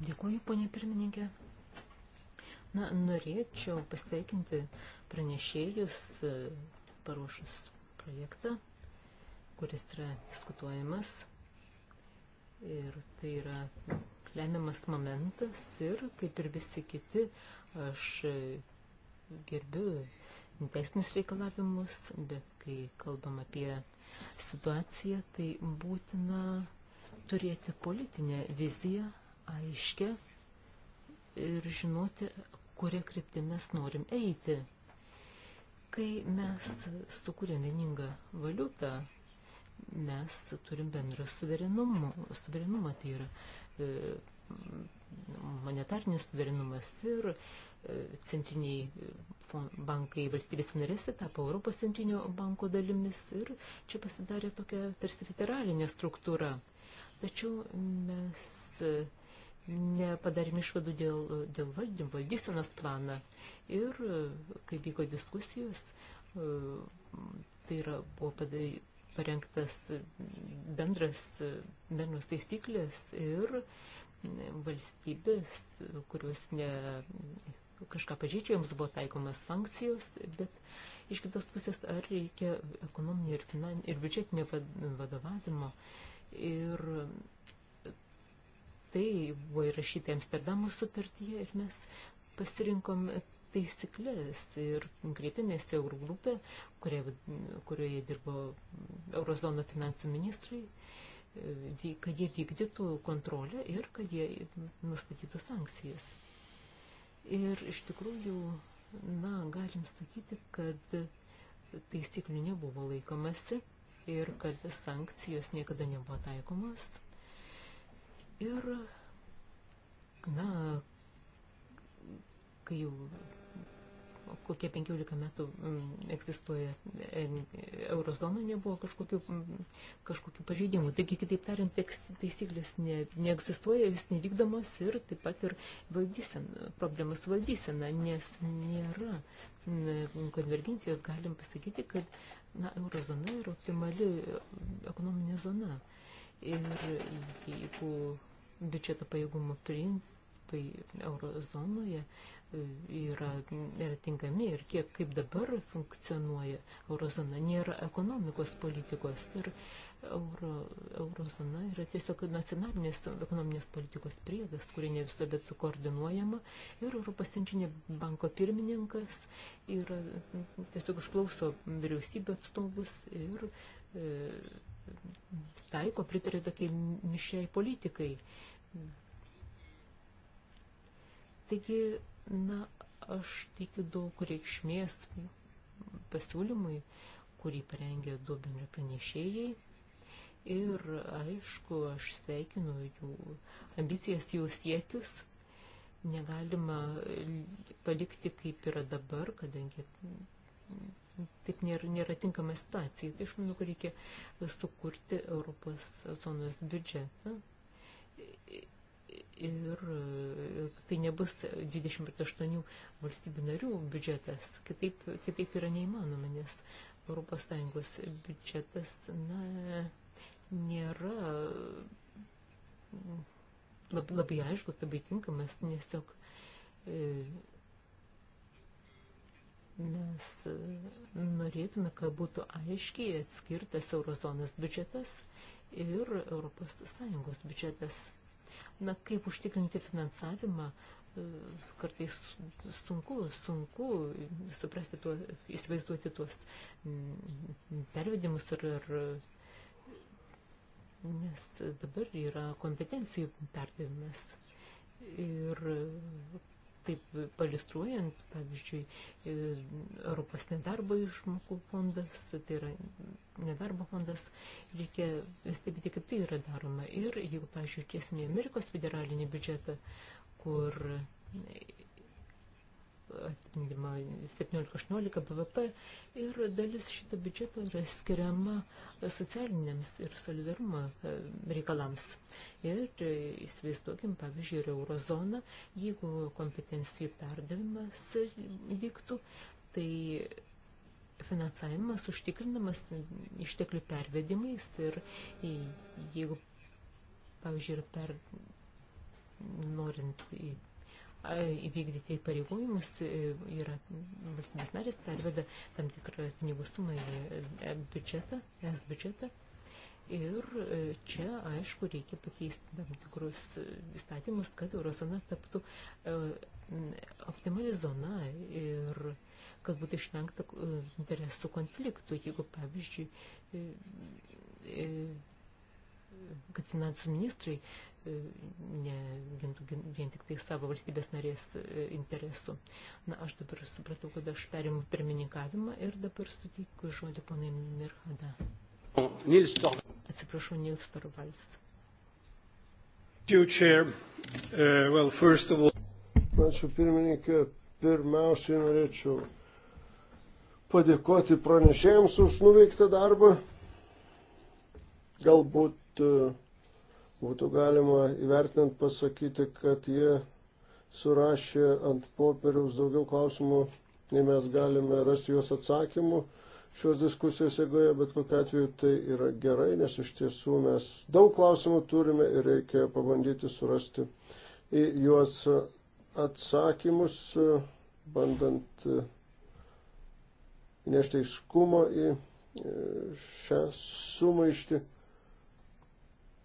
Dėkuoju, ponė pirmininkė. Na, norėčiau pasveikinti pranešėjus e, paruošus projektą, kuris yra diskutuojamas. Ir tai yra lemiamas momentas ir, kaip ir visi kiti, aš e, gerbiu teisinius reikalavimus, bet kai kalbam apie situaciją, tai būtina turėti politinę viziją, aiškę ir žinoti, kuria kryptimi mes norim eiti. Kai mes sukūrėm vieningą valiutą, mes turim bendrą suverenumą, suverenumą tai yra e, monetarnis suverenumas ir e, centriniai e, bankai valstybės narėse tai tapo Europos centrinio banko dalimis ir čia pasidarė tokia tarsi federalinė struktūra. Tačiau mes e, nepadarėm išvadų dėl, dėl valdymo, valdysenos planą ir e, kai vyko diskusijos, tai yra buvo padary, parengtas bendras, bendros taisyklės ir valstybės, kurios ne kažką pažydžia, jums buvo taikomas sankcijos, bet iš kitos pusės ar reikia ekonominio ir, finan, ir biudžetinio vadovavimo. Ir tai buvo įrašyta Amsterdamo sutartyje ir mes pasirinkom taisyklės ir kreipėmės į Eurogrupę, kurioje dirbo Eurozono finansų ministrai e, kad jie vykdytų kontrolę ir kad jie nustatytų sankcijas. Ir iš tikrųjų, na, galim sakyti, kad taisyklių nebuvo laikomasi ir kad sankcijos niekada nebuvo taikomos. Ir, na, kai jau kokie 15 metų mm, egzistuoja e, eurozono, nebuvo kažkokių, mm, kažkokių pažeidimų. Taigi, kitaip tariant, taisyklės ne, neegzistuoja, jis nevykdomos ir taip pat ir valdysena, problemas valdysena, nes nėra mm, konvergencijos, galim pasakyti, kad na, eurozona yra optimali ekonominė zona. Ir jeigu biudžeto pajėgumo principai eurozonoje yra, yra tinkami ir kiek kaip dabar funkcionuoja eurozona. Nėra ekonomikos politikos ir euro, eurozona yra tiesiog nacionalinės ekonominės politikos priedas, kuri ne visuomet sukoordinuojama ir Europos centrinė banko pirmininkas yra tiesiog išklauso vyriausybė atstovus ir e, taiko pritarė tokiai mišiai politikai. Taigi Na, aš teikiu daug reikšmės pasiūlymui, kurį parengė du bendra pranešėjai. Ir aišku, aš sveikinu jų ambicijas, jų siekius. Negalima palikti kaip yra dabar, kadangi taip nėra, nėra tinkama situacija. Tai aš manau, kad reikia sukurti Europos zonos biudžetą ir e, tai nebus 28 valstybių narių biudžetas. Kitaip, kitaip yra neįmanoma, nes ES biudžetas na, nėra lab, labai aiškus, labai tinkamas, nes tiesiog e, mes norėtume, kad būtų aiškiai atskirtas eurozonos biudžetas ir ES biudžetas. Na, kaip užtikrinti finansavimą, e, kartais sunku, sunku suprasti tuo, įsivaizduoti tuos mm, pervedimus ar, ar nes dabar yra kompetencijų perdavimas ir kaip palistruojant, pavyzdžiui, e, Europos nedarbo išmokų fondas, tai yra nedarbo fondas, reikia stebėti, kaip tai yra daroma. Ir jeigu, pavyzdžiui, tiesime Amerikos federalinį biudžetą, kur atitinkama 17-18 BVP ir dalis šito biudžeto yra skiriama socialiniams ir solidarumo e, reikalams. Ir e, įsivaizduokim, pavyzdžiui, ir eurozona, jeigu kompetencijų perdavimas vyktų, tai finansavimas užtikrinamas išteklių pervedimais ir jeigu, pavyzdžiui, ir per norint į įvykdyti pareigojimus e, yra valstybės narės tai perveda tam tikrą pinigų sumą į e, biudžetą, es biudžetą. Ir e, čia, aišku, reikia pakeisti tam tikrus įstatymus, kad eurozona taptų optimali zona ir kad būtų išvengta interesų konfliktų, jeigu, pavyzdžiui, kad finansų ministrai ne vien, vien tik tai savo valstybės narės e, interesų. Na, aš dabar supratau, kad aš perimu pirmininkavimą ir dabar suteikiu žodį ponai Mirhada. Atsiprašau, Nils Torvalds. Uh, Ačiū pirmininkė, pirmiausiai norėčiau padėkoti pranešėjams už nuveiktą darbą. Galbūt uh, būtų galima įvertinant pasakyti, kad jie surašė ant popieriaus daugiau klausimų, nei mes galime rasti juos atsakymų šios diskusijos egoje, bet kokiu atveju tai yra gerai, nes iš tiesų mes daug klausimų turime ir reikia pabandyti surasti į juos atsakymus, bandant nešti įskumo į e, šią sumaištį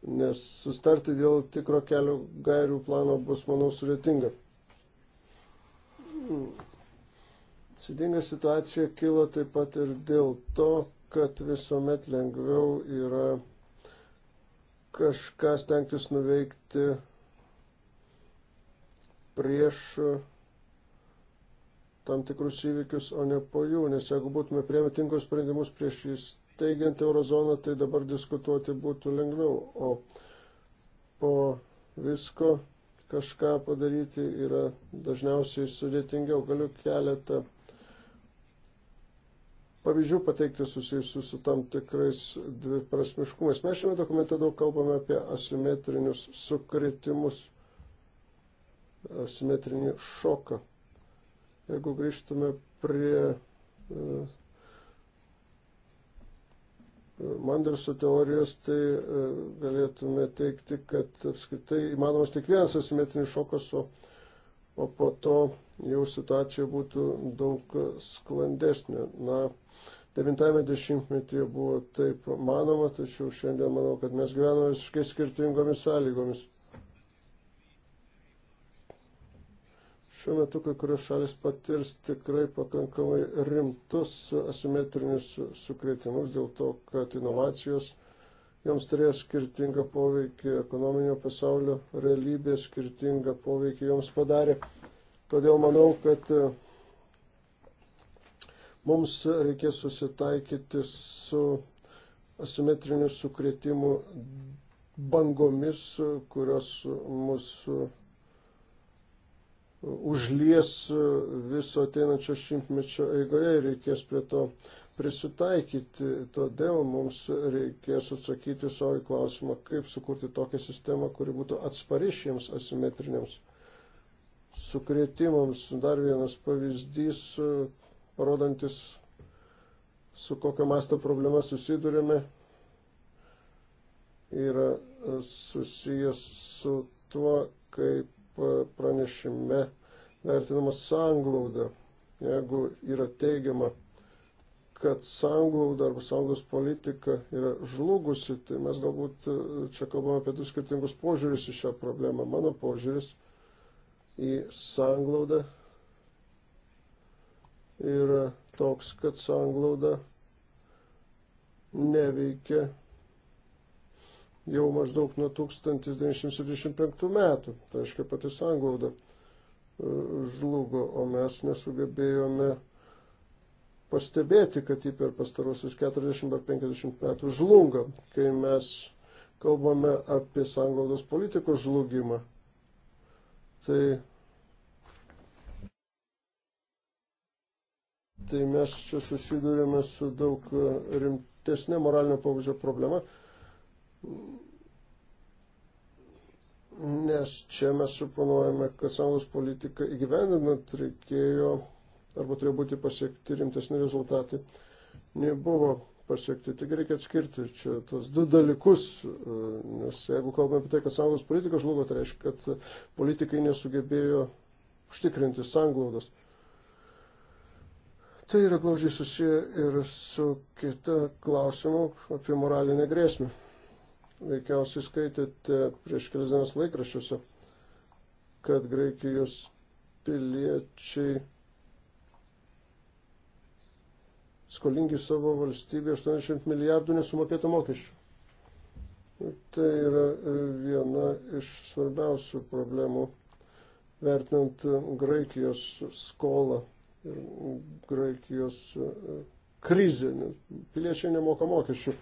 nes sustarti dėl tikro kelio gairių plano bus, manau, sudėtinga. Hmm. Sudėtinga situacija kilo taip pat ir dėl to, kad visuomet lengviau yra kažką stengtis nuveikti prieš tam tikrus įvykius, o ne po jų, nes jeigu būtume priemi tinkus sprendimus prieš jis steigiant eurozoną, tai dabar diskutuoti būtų lengviau, o po visko kažką padaryti yra dažniausiai sudėtingiau. Galiu keletą pavyzdžių pateikti susijusių su tam tikrais dviprasmiškumais. Mes šiame dokumente daug kalbame apie asimetrinius sukretimus, asimetrinį šoką. Jeigu grįžtume prie e, Mandelso teorijos, tai e, galėtume teikti, kad apskritai įmanomas tik vienas asimetrinis šokas, o, o po to jau situacija būtų daug sklandesnė. Na, 90-metyje buvo taip manoma, tačiau šiandien manau, kad mes gyvename visiškai skirtingomis sąlygomis. Šiuo metu kai kurios šalis patirs tikrai pakankamai rimtus asimetrinius sukretimus dėl to, kad inovacijos joms turėjo skirtingą poveikį ekonominio pasaulio realybė, skirtingą poveikį joms padarė. Todėl manau, kad e, mums reikės susitaikyti su asimetriniu sukretimu bangomis, kurios mūsų užlies e, viso ateinančio šimtmečio eigoje ir reikės prie to prisitaikyti. Todėl mums reikės atsakyti savo į klausimą, kaip sukurti tokią sistemą, kuri būtų atspari šiems asimetriniams sukrėtimams. Dar vienas pavyzdys, e, rodantis, su kokio masto problema susidurėme, yra e, susijęs su tuo, kaip pranešime vertinama sanglauda. Jeigu yra teigiama, kad sanglauda arba sanglaus politika yra žlugusi, tai mes galbūt e, čia kalbame apie du skirtingus požiūrius į šią problemą. Mano požiūris į sanglaudą yra toks, kad sanglauda neveikia jau maždaug nuo 1975 metų, tai reiškia pati sanglauda žlugo, o mes nesugebėjome pastebėti, kad jį per pastarosius 40 ar 50 metų žlunga, kai mes kalbame apie sanglaudos politikos žlugimą. Tai, tai mes čia susidurėme su daug e, rimtesnė moralinio pabudžio problema nes čia mes suponuojame, kad sąjungos politiką įgyvendinant reikėjo arba turėjo būti pasiekti rimtesni rezultatai, nebuvo pasiekti. Tik reikia atskirti čia tos du dalykus, e, nes jeigu kalbame apie tai, kad sąjungos politika žlugo, tai reiškia, kad politikai nesugebėjo užtikrinti sąnglaudos. Tai yra glaužiai susiję ir su kita klausimu apie moralinę grėsmę veikiausiai skaitėte prieš kelias dienas laikraščiuose, kad Graikijos piliečiai skolingi savo valstybė 80 milijardų nesumokėtų mokesčių. Tai yra viena iš svarbiausių problemų vertinant Graikijos skolą ir Graikijos krizę. Piliečiai nemoka mokesčių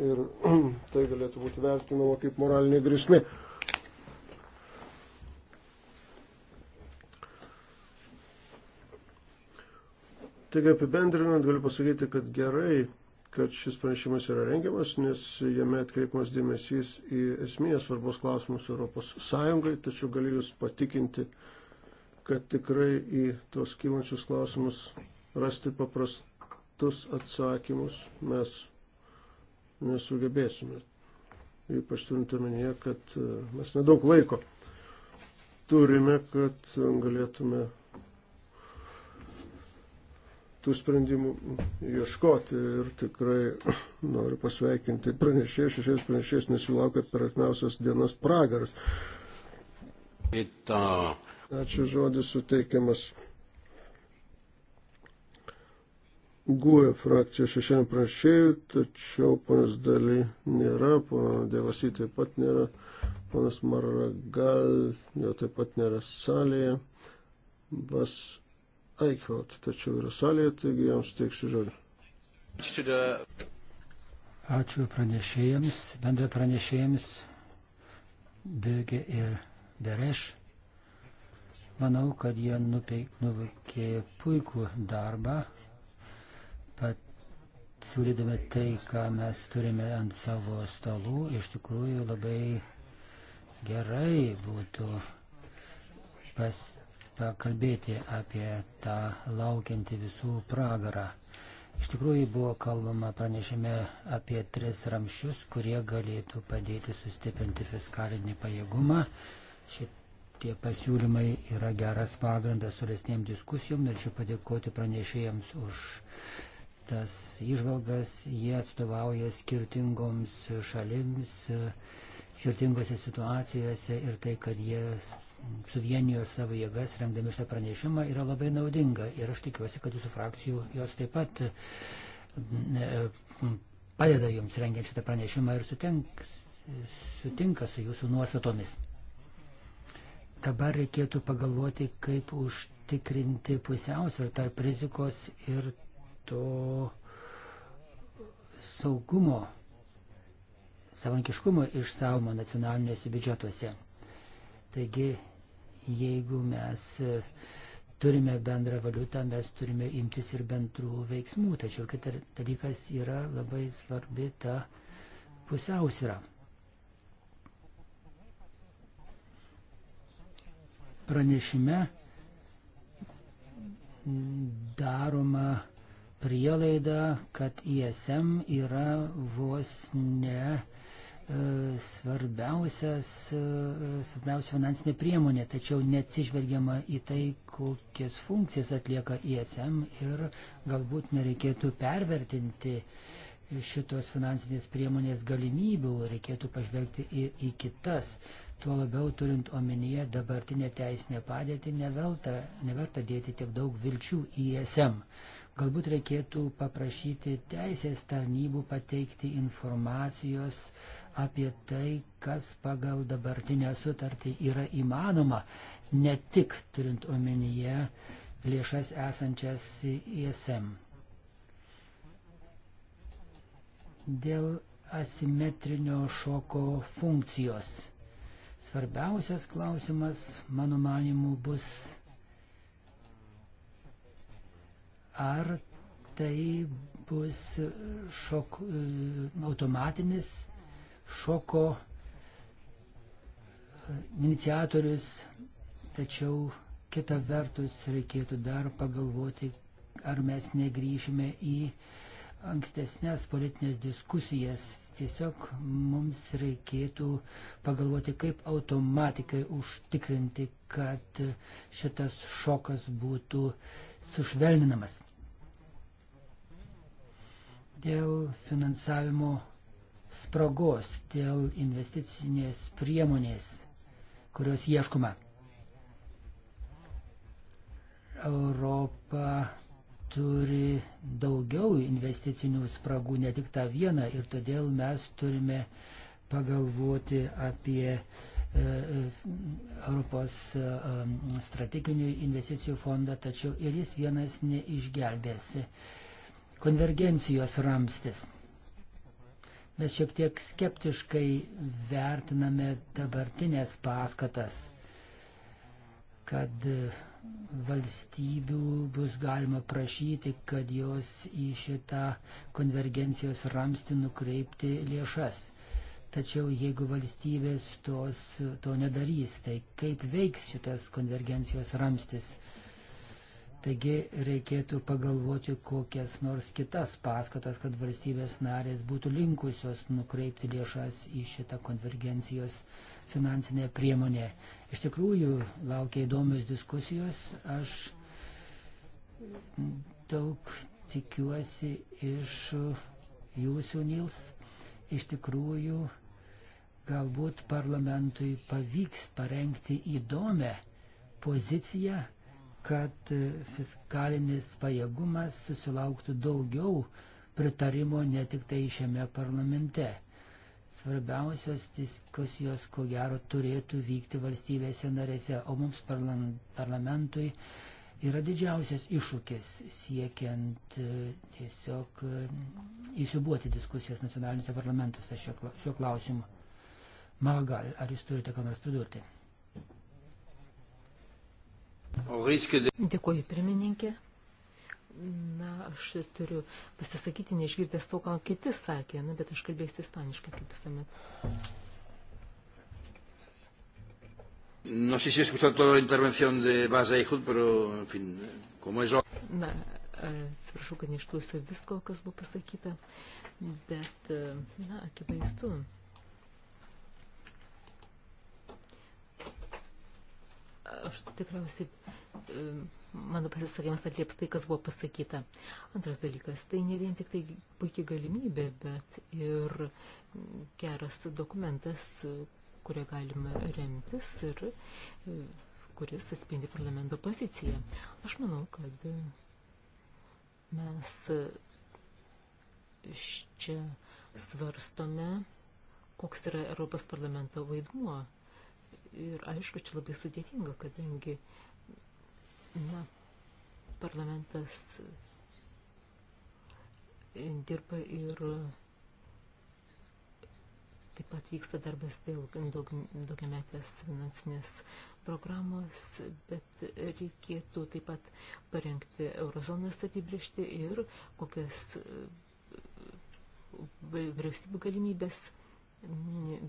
ir tai galėtų būti vertinama kaip moralinė grėsmė. Taigi apibendrinant galiu pasakyti, kad gerai, kad šis pranešimas yra rengiamas, nes jame atkreipimas dėmesys į esminės svarbos klausimus Europos Sąjungai, tačiau galiu Jūs patikinti, kad tikrai į tos kylančius klausimus rasti paprastus atsakymus mes nesugebėsime. Ypač turint omenyje, kad e, mes nedaug laiko turime, kad galėtume tų sprendimų ieškoti ir tikrai noriu pasveikinti pranešėjus, šešiais pranešėjais, nes jų laukia per atmiausias dienas pragaras. Ačiū žodis suteikiamas GUE frakcija šešiam prašėjų, tačiau ponas Dali nėra, ponas Devasy taip pat nėra, ponas Maragal jo taip pat nėra salėje, bas Aikvaut, tačiau yra salėje, taigi jam steiksiu žodį. Ačiū pranešėjams, bendra pranešėjams, Bėgė ir Bereš. Manau, kad jie nuveikė puikų darbą siūlydami tai, ką mes turime ant savo stalų, iš tikrųjų labai gerai būtų pas, pakalbėti apie tą laukiantį visų pragarą. Iš tikrųjų buvo kalbama pranešime apie tris ramšius, kurie galėtų padėti sustiprinti fiskalinį pajėgumą. Šitie pasiūlymai yra geras pagrindas tolesniem diskusijom. Norėčiau padėkoti pranešėjams už tas išvalgas, jie atstovauja skirtingoms šalims, skirtingose situacijose ir tai, kad jie suvienijo savo jėgas, rengdami šitą pranešimą, yra labai naudinga. Ir aš tikiuosi, kad jūsų frakcijų jos taip pat e, padeda jums rengiant šitą pranešimą ir sutinks, sutinka su jūsų nuostatomis. Dabar reikėtų pagalvoti, kaip užtikrinti pusiausvyrą tarp rizikos ir to saugumo, savankiškumo išsaumo nacionaliniuose biudžetuose. Taigi, jeigu mes e, turime bendrą valiutą, mes turime imtis ir bendrų veiksmų, tačiau kitas dalykas yra labai svarbi ta pusiausvyrą. Pranešime daroma prielaida, kad ISM yra vos ne e, svarbiausias, e, svarbiausia finansinė priemonė, tačiau neatsižvelgiama į tai, kokias funkcijas atlieka ISM ir galbūt nereikėtų pervertinti šitos finansinės priemonės galimybių, reikėtų pažvelgti ir į kitas. Tuo labiau turint omenyje dabartinę teisinę padėtį, nevelta, neverta dėti tiek daug vilčių į ISM. Galbūt reikėtų paprašyti teisės tarnybų pateikti informacijos apie tai, kas pagal dabartinę sutartį yra įmanoma, ne tik turint omenyje lėšas esančias ISM. Dėl asimetrinio šoko funkcijos. Svarbiausias klausimas, mano manimu, bus ar tai bus šok, e, automatinis šoko e, iniciatorius, tačiau kita vertus reikėtų dar pagalvoti, ar mes negryžime į ankstesnės politinės diskusijas. Tiesiog mums reikėtų pagalvoti, kaip automatikai užtikrinti, kad šitas šokas būtų sušvelninamas dėl finansavimo spragos, dėl investicinės priemonės, kurios ieškoma. Europa turi daugiau investicinių spragų, ne tik tą vieną, ir todėl mes turime pagalvoti apie e, e, Europos e, strateginių investicijų fondą, tačiau ir jis vienas neišgelbės konvergencijos ramstis. Mes šiek tiek skeptiškai vertiname dabartinės paskatas, kad valstybių bus galima prašyti, kad jos į šitą konvergencijos ramstį nukreipti lėšas. Tačiau jeigu valstybės tos, to nedarys, tai kaip veiks šitas konvergencijos ramstis? Taigi reikėtų pagalvoti kokias nors kitas paskatas, kad valstybės narės būtų linkusios nukreipti lėšas į šitą konvergencijos finansinę priemonę. Iš tikrųjų, laukia įdomios diskusijos. Aš daug tikiuosi iš jūsų, Nils. Iš tikrųjų, galbūt parlamentui pavyks parengti įdomią poziciją kad fiskalinis pajėgumas susilauktų daugiau pritarimo ne tik tai šiame parlamente. Svarbiausios diskusijos, ko gero, turėtų vykti valstybėse narėse, o mums parlamentui yra didžiausias iššūkis siekiant e, tiesiog e, įsibuoti diskusijas nacionaliniuose parlamentuose šiuo klausimu. Magal, ar jūs turite ką nors pridurti? Dėkuoju, pirmininkė. Na, aš turiu pasisakyti, neišgirdęs to, ką kiti sakė, na, bet aš kalbėsiu ispaniškai, kaip visuomet. No sé si he escuchado toda la intervención de Bas Eichhut, pero, en fin, como es... Na, e, atsiprašau, kad neišklausiau visko, kas buvo pasakyta, bet, e, na, akivaizdu, aš tikriausiai mano pasisakymas atlieps tai, kas buvo pasakyta. Antras dalykas, tai ne vien tik tai puikia galimybė, bet ir geras dokumentas, kurio galima remtis ir e, kuris atspindi parlamento poziciją. Aš manau, kad mes čia svarstome, koks yra Europos parlamento vaidmuo Ir aišku, čia labai sudėtinga, kadangi na, parlamentas dirba ir taip pat vyksta darbas dėl daug, daugiametės finansinės programos, bet reikėtų taip pat parengti eurozonas apibriežti ir kokias e, vyriausybių galimybės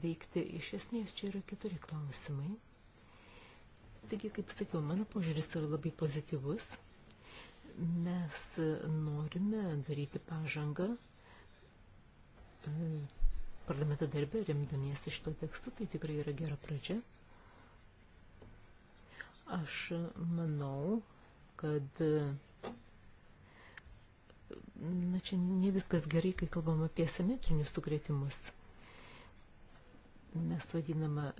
veikti. Iš esmės čia yra keturi klausimai. Taigi, kaip sakiau, mano požiūris yra labai pozityvus. Mes norime daryti pažangą e, parlamento darbę, remdamiesi šito tekstu, tai tikrai yra gera pradžia. Aš manau, kad e, na, čia ne viskas gerai, kai kalbam apie asimetrinius sukretimus mes vadinama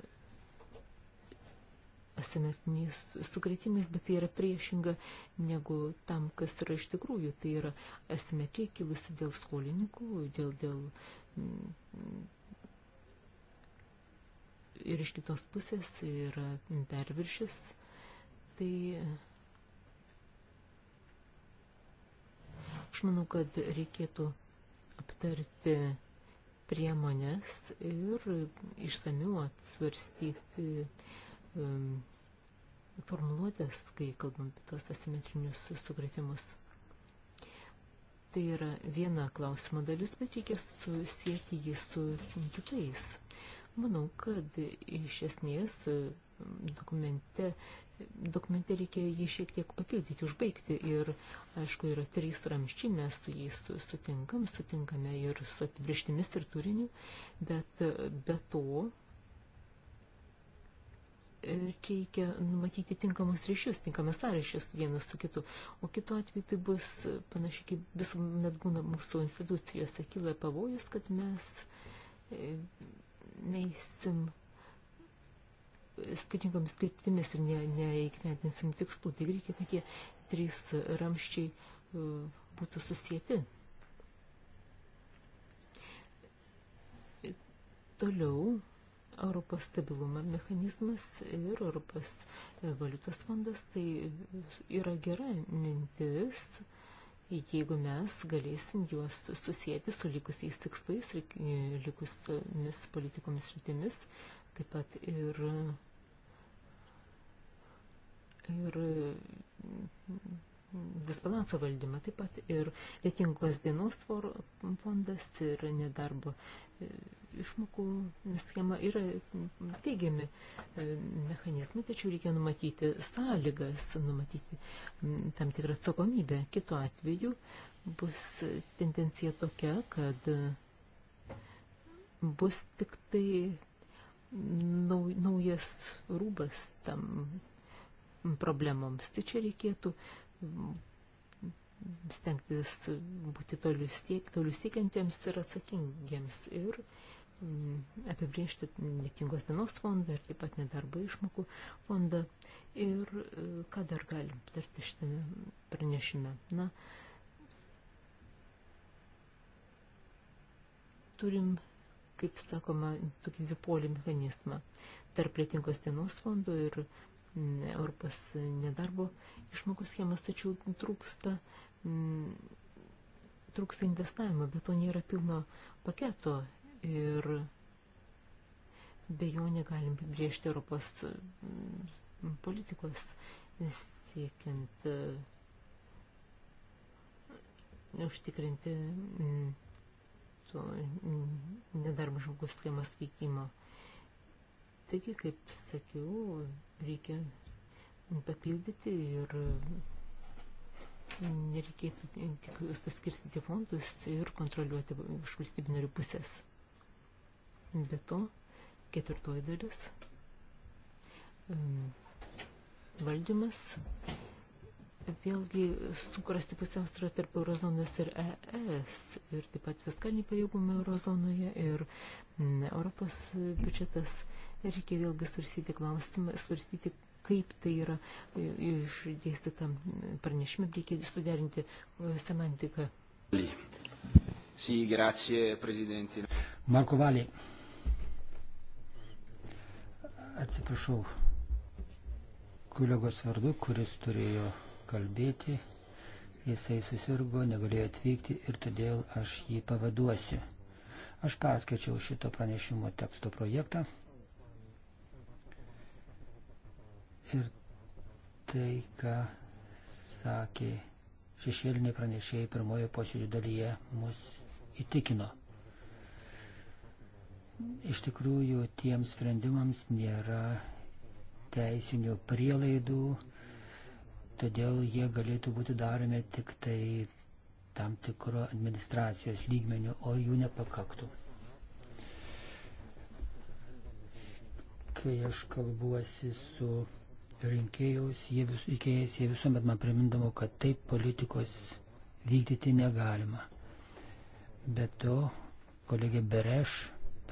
asimetriniais sukretimais, bet tai yra priešinga negu tam, kas yra iš tikrųjų. Tai yra asimetrija kilusi dėl skolininkų, dėl, dėl mm, ir iš kitos pusės yra perviršis. Tai aš manau, kad reikėtų aptarti priemonės ir išsamiu atsvarstyti um, formuluotės, kai kalbam apie tos asimetrinius sukretimus. Tai yra viena klausimo dalis, bet reikia susijęti jį su kitais. Manau, kad iš esmės dokumente dokumente reikia jį šiek tiek papildyti, užbaigti ir, aišku, yra trys ramščiai, mes su jais sutinkam, sutinkame ir su atvirštimis ir turiniu, bet be to reikia numatyti tinkamus ryšius, tinkamas sąryšius vienas su kitu, o kitu atveju tai bus panašiai kaip visuomet būna mūsų institucijose, kyla pavojus, kad mes e, neįsim skirtingomis kryptimis ir neįgyventinsim ne tikslų. Tai reikia, kad tie trys ramščiai e, būtų susijęti. Toliau Europos stabilumo mechanizmas ir Europos e, valiutos fondas tai yra gera mintis jeigu mes galėsim juos susijęti su likusiais tikslais, likusiamis politikomis rytimis, taip pat ir, ir disbalanso valdymą, taip pat ir vietingos dienos tvor, fondas ir nedarbo e, išmokų schema yra teigiami e, mechanizmai, tačiau reikia numatyti sąlygas, numatyti tam tikrą atsakomybę. Kitu atveju bus tendencija tokia, kad bus tik tai naujas rūbas tam problemoms. Tai čia reikėtų mm, stengtis būti tolius, tiek, tolius siekiantiems ir atsakingiems ir mm, apibriežti netingos dienos fondą ir taip pat nedarbo išmokų fondą. Ir e, ką dar galim tarti šitame pranešime? Na, turim kaip sakoma, tokį dvipolį mechanizmą tarp lėtingos dienos fondo ir mm, Europos nedarbo išmokų schemas, tačiau trūksta, mm, trūksta investavimo, bet to nėra pilno paketo ir be jo negalim apibriežti Europos mm, politikos siekiant užtikrinti mm, procentų mm, nedarbo žmogų schemos veikimo. Taigi, kaip sakiau, reikia papildyti ir nereikėtų tik suskirstyti fondus ir kontroliuoti iš valstybinio pusės. Be to, ketvirtoji dalis mm, valdymas vėlgi sukrasti pusiausvyrą tarp eurozonos ir ES ir taip pat fiskaliniai pajėgumai eurozonoje ir m, mm, Europos biudžetas reikia vėlgi svarstyti klausimą, svarstyti, kaip tai yra e, išdėstyta pranešime, reikia suderinti e, semantiką. Sì, grazie Presidente. Marco Valli. Atsiprašau kolegos vardu, kuris turėjo kalbėti, jisai susirgo, negalėjo atvykti ir todėl aš jį pavaduosiu. Aš perskaičiau šito pranešimo teksto projektą ir tai, ką sakė šešėliniai pranešėjai pirmojo posėdžio dalyje, mus įtikino. Iš tikrųjų, tiems sprendimams nėra teisinių prielaidų, todėl jie galėtų būti daromi tik tai tam tikro administracijos lygmenio, o jų nepakaktų. Kai aš kalbuosi su rinkėjus, jie, vis, rinkėjais, jie visuomet man primindavo, kad taip politikos vykdyti negalima. Bet to kolegė Bereš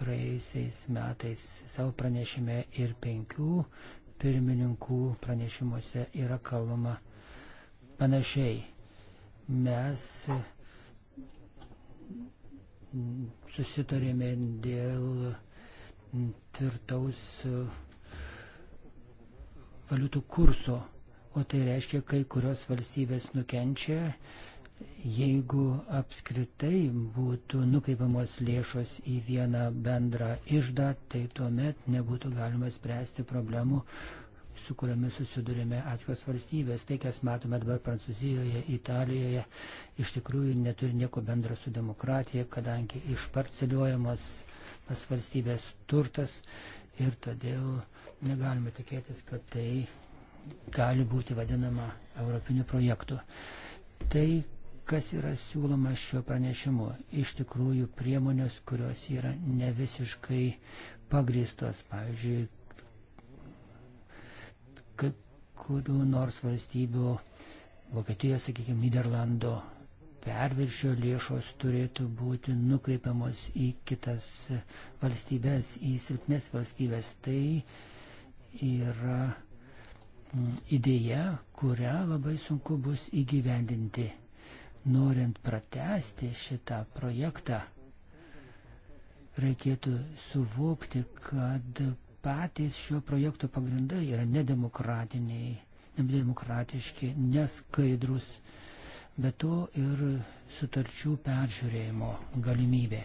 praėjusiais metais savo pranešime ir penkių pirmininkų pranešimuose yra kalbama panašiai. Mes susitarėme dėl tvirtaus valiutų kurso, o tai reiškia, kai kurios valstybės nukenčia, jeigu apskritai būtų nukreipiamos lėšos į vieną bendrą išdą, tai tuomet nebūtų galima spręsti problemų, su kuriomis susidurime atskiros valstybės. Tai, kas matome dabar Prancūzijoje, Italijoje, iš tikrųjų neturi nieko bendra su demokratija, kadangi išparceliuojamas pas valstybės turtas ir todėl negalime tikėtis, kad tai gali būti vadinama europiniu projektu. Tai, kas yra siūloma šiuo pranešimu. Iš tikrųjų, priemonės, kurios yra ne visiškai pagristos, pavyzdžiui, kurių nors valstybių, Vokietijos, sakykime, Niderlando perviršio lėšos turėtų būti nukreipiamos į kitas valstybės, į silpnes valstybės. Tai yra mm, idėja, kurią labai sunku bus įgyvendinti norint pratesti šitą projektą, reikėtų suvokti, kad patys šio projekto pagrindai yra nedemokratiniai, nedemokratiški, neskaidrus, bet to ir sutarčių peržiūrėjimo galimybė.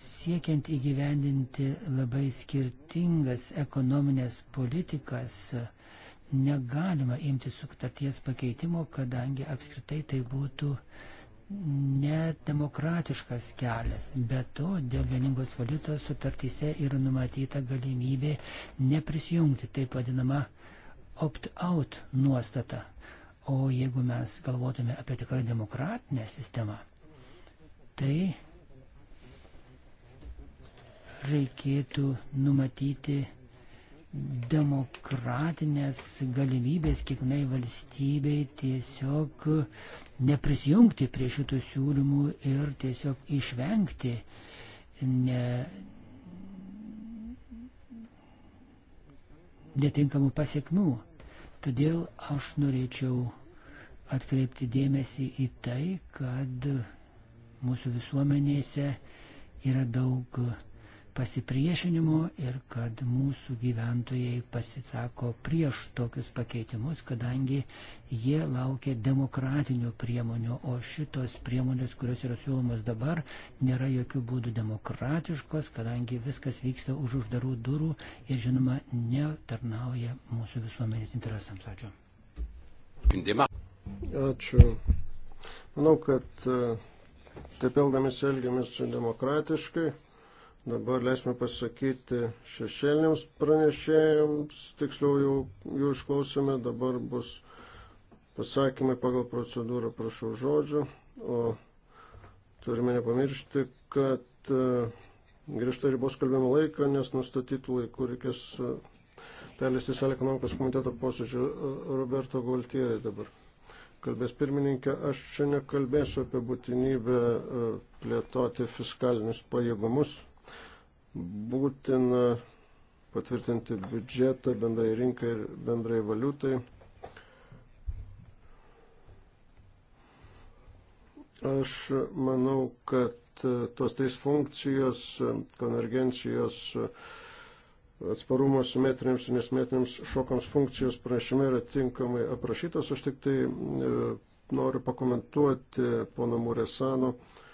Siekiant įgyvendinti labai skirtingas ekonominės politikas, negalima imti sutarties pakeitimo, kadangi apskritai tai būtų nedemokratiškas kelias. Be to, dėl vieningos valiutos sutartyse yra numatyta galimybė neprisijungti, taip vadinama opt-out nuostata. O jeigu mes galvotume apie tikrą demokratinę sistemą, tai reikėtų numatyti demokratinės galimybės kiekvienai valstybei tiesiog neprisijungti prie šitų siūlymų ir tiesiog išvengti ne, netinkamų pasiekmių. Todėl aš norėčiau atkreipti dėmesį į tai, kad mūsų visuomenėse yra daug pasipriešinimo ir kad mūsų gyventojai pasisako prieš tokius pakeitimus, kadangi jie laukia demokratinių priemonių, o šitos priemonės, kurios yra siūlomos dabar, nėra jokių būdų demokratiškos, kadangi viskas vyksta už uždarų durų ir, žinoma, netarnauja mūsų visuomenės interesams. Ačiū. Ačiū. Manau, kad e, taip elgdamės elgiamės demokratiškai. Dabar leisime pasakyti šešėliniams pranešėjams, tiksliau jau jų išklausėme, dabar bus pasakymai pagal procedūrą, prašau žodžio, o turime nepamiršti, kad e, grįžta ribos kalbėjimo laiką, nes nustatytų laikų reikės e, perleisti salę ekonomikos komiteto posėdžių e, Roberto Gualtieri dabar. Kalbės pirmininkė, aš čia nekalbėsiu apie būtinybę plėtoti fiskalinius pajėgumus būtina patvirtinti biudžetą bendrai rinkai ir bendrai valiutai. Aš manau, kad tos trys funkcijos, konvergencijos, atsparumo simetriniams ir nesimetriniams šokams funkcijos pranešime yra tinkamai aprašytos. Aš tik tai e, noriu pakomentuoti pono Muresano. E,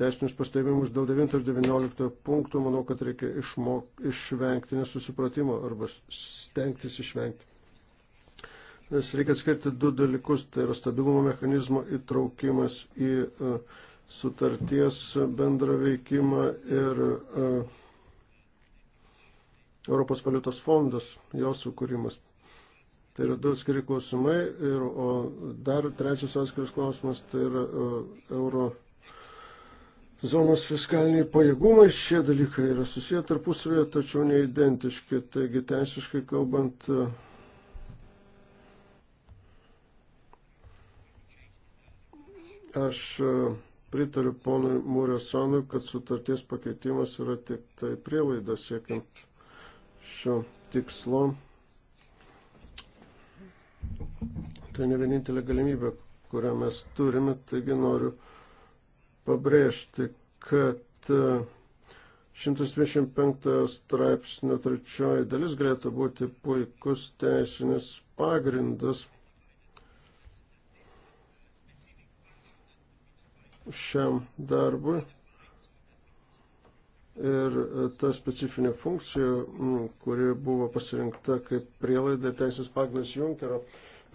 teisinius pastebėjimus dėl 9 ir 19 punktų, manau, kad reikia išmok, išvengti nesusipratimo arba stengtis išvengti. Nes reikia atskirti du dalykus, tai yra stabilumo mechanizmo įtraukimas į uh, sutarties bendrą veikimą ir uh, Europos valiutos fondas, jos sukūrimas. Tai yra du atskiri klausimai ir o dar trečias atskiras klausimas, tai yra uh, euro zonos fiskaliniai pajėgumai, šie dalykai yra susiję tarpusavėje, tačiau neidentiški. Taigi teisiškai kalbant, aš e, pritariu ponui Mūresonui, kad sutarties pakeitimas yra tik tai prielaida siekiant šio tikslo. Tai ne vienintelė galimybė, kurią mes turime, taigi noriu pabrėžti, kad 125 e, straipsnio trečioji dalis galėtų būti puikus teisinis pagrindas šiam darbui. Ir e, ta specifinė funkcija, kuri buvo pasirinkta kaip prielaida teisės pagrindas Junkerio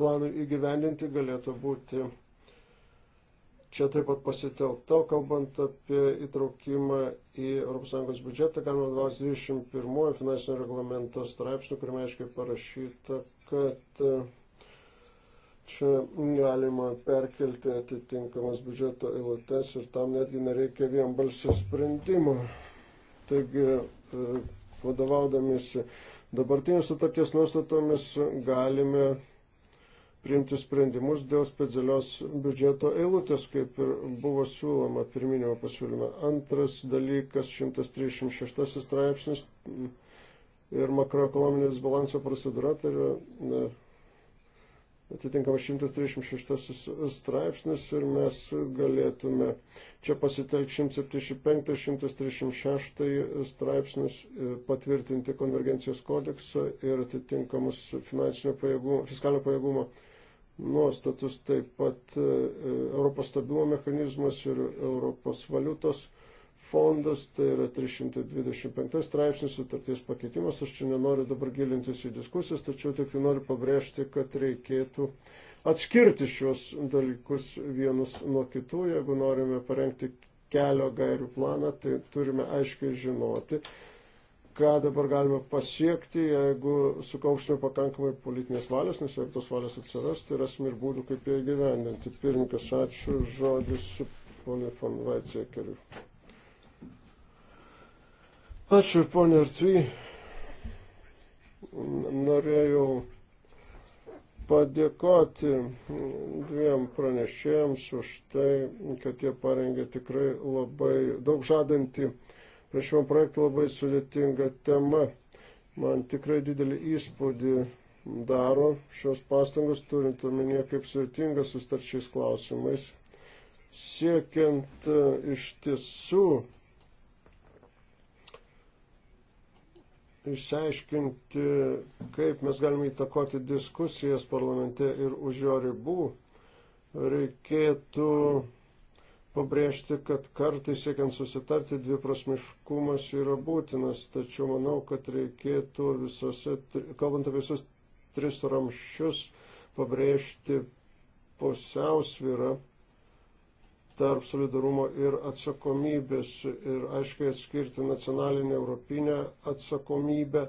planui įgyvendinti, galėtų būti Čia taip pat pasitelkta, kalbant apie įtraukimą į ES biudžetą, galima vadovautis 21 finansinio reglamento straipsnių, kuriame aiškiai parašyta, kad e, čia galima perkelti atitinkamas biudžeto eilutes ir tam netgi nereikia vienbalsio sprendimo. Taigi, e, vadovaudamėsi dabartinės sutarties nuostatomis galime priimti sprendimus dėl specialios biudžeto eilutės, kaip ir buvo siūloma pirminio pasiūlyme. Antras dalykas, 136 straipsnis ir makroekonominio disbalanso procedūra, tai yra atitinkamas 136 straipsnis ir mes galėtume čia pasitelkti 175 ir 136 straipsnius, e, patvirtinti konvergencijos kodeksą ir atitinkamus finansinio pajėgumo, fiskalinio pajėgumo nuostatus, taip pat e, e, Europos stabilumo mechanizmas ir Europos valiutos fondas, tai yra 325 straipsnis sutarties pakeitimas. Aš čia nenoriu dabar gilintis į diskusijas, tačiau tik tai noriu pabrėžti, kad reikėtų atskirti šios dalykus vienus nuo kitų. Jeigu norime parengti kelio gairių planą, tai turime aiškiai žinoti, ką dabar galime pasiekti, jeigu sukaupsime pakankamai politinės valios, nes jeigu tos valios atsiras, tai rasime ir būdų, kaip ją įgyvendinti. Pirmininkas, ačiū, žodis ponė von Weizsäkeriu. Ačiū, ponė Artvy. Norėjau padėkoti dviem pranešėjams už tai, kad jie parengė tikrai labai daug žadantį Prašymo projektą labai sudėtinga tema. Man tikrai didelį įspūdį daro šios pastangos, turint omenyje, kaip sudėtinga sustarčiais klausimais, siekiant e, iš tiesų išsiaiškinti, kaip mes galime įtakoti diskusijas parlamente ir už jo ribų, reikėtų pabrėžti, kad kartais siekiant susitarti dviprasmiškumas yra būtinas, tačiau manau, kad reikėtų visose, kalbant apie visus tris ramščius, pabrėžti pusiausvyrą tarp solidarumo ir atsakomybės ir aiškiai atskirti nacionalinę europinę atsakomybę,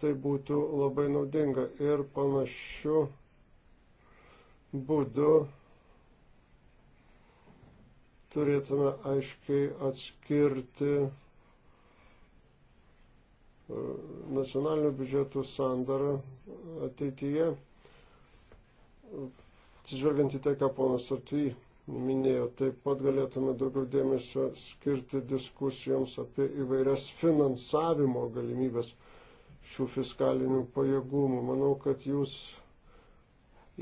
tai būtų labai naudinga ir panašiu būdu turėtume aiškiai atskirti e, nacionalinių biudžetų sandarą ateityje, atsižvelgiant į tai, ką ponas Artvy minėjo, taip pat galėtume daugiau dėmesio skirti diskusijoms apie įvairias finansavimo galimybės šių fiskalinių pajėgumų. Manau, kad jūs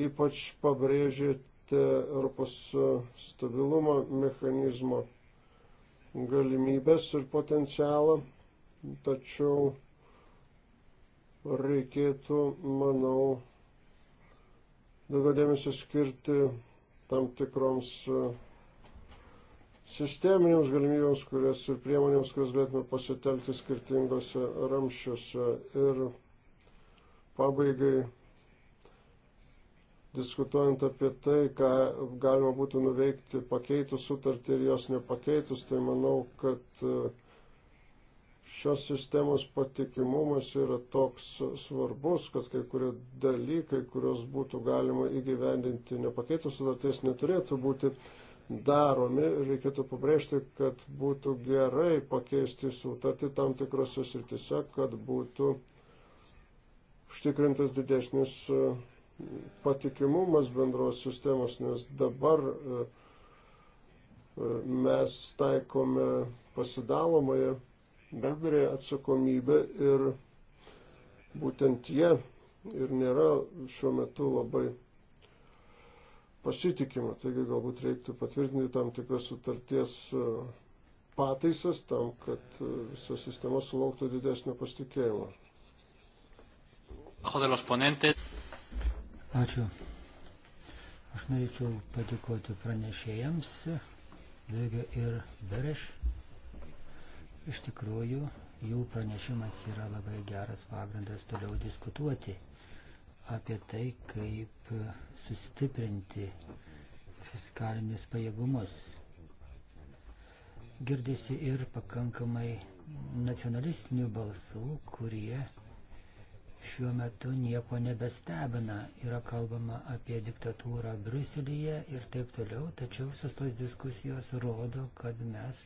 ypač pabrėžėte kad Europos e, stabilumo mechanizmo galimybės ir potencialą, tačiau reikėtų, manau, daugiau dėmesio skirti tam tikroms e, sisteminėms galimybėms, kurias ir priemonėms, kurias galėtume pasitelkti skirtingose ramščiuose. Ir pabaigai diskutuojant apie tai, ką galima būtų nuveikti pakeitus sutartį ir jos nepakeitus, tai manau, kad e, šios sistemos patikimumas yra toks svarbus, kad kai kurie dalykai, kuriuos būtų galima įgyvendinti nepakeitus sutartys, neturėtų būti daromi. Reikėtų pabrėžti, kad būtų gerai pakeisti sutartį tam tikrose srityse, kad būtų užtikrintas didesnis e, patikimumas bendros sistemos, nes dabar e, e, mes taikome pasidalomąją bendrąją atsakomybę ir būtent jie ir nėra šiuo metu labai pasitikima. Taigi galbūt reiktų patvirtinti tam tikras sutarties e, pataisas tam, kad visa sistema sulauktų didesnio pasitikėjimo. Ojo de los ponentes. Ačiū. Aš norėčiau padėkoti pranešėjams, Dėgė ir Bereš. Iš tikrųjų, jų pranešimas yra labai geras pagrindas toliau diskutuoti apie tai, kaip sustiprinti fiskalinius pajėgumus. Girdisi ir pakankamai nacionalistinių balsų, kurie šiuo metu nieko nebestebina. Yra kalbama apie diktatūrą Bruselėje ir taip toliau, tačiau visos tos diskusijos rodo, kad mes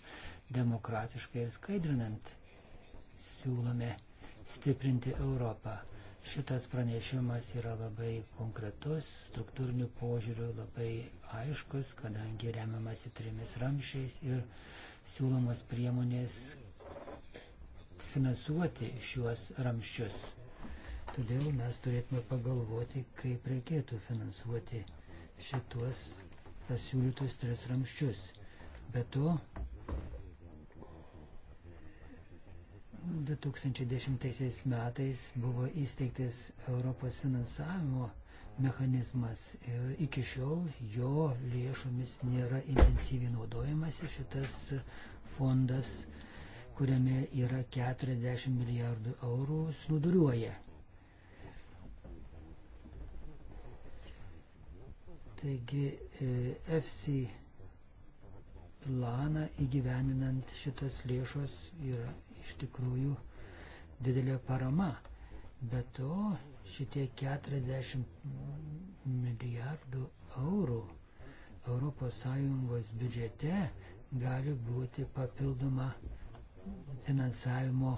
demokratiškai ir skaidrinant siūlome stiprinti Europą. Šitas pranešimas yra labai konkretus, struktūrinių požiūrių labai aiškus, kadangi remiamasi trimis ramšiais ir siūlomos priemonės finansuoti šiuos ramščius. Todėl mes turėtume pagalvoti, kaip reikėtų finansuoti šituos pasiūlytus tris ramščius. Be to, 2010 metais buvo įsteigtas Europos finansavimo mechanizmas ir iki šiol jo lėšomis nėra intensyviai naudojamas šitas fondas kuriame yra 40 milijardų eurų snuduriuoja. Taigi e, FC planą įgyveninant šitas lėšos yra iš tikrųjų didelė parama. Be to, šitie 40 milijardų eurų ES biudžete gali būti papildoma finansavimo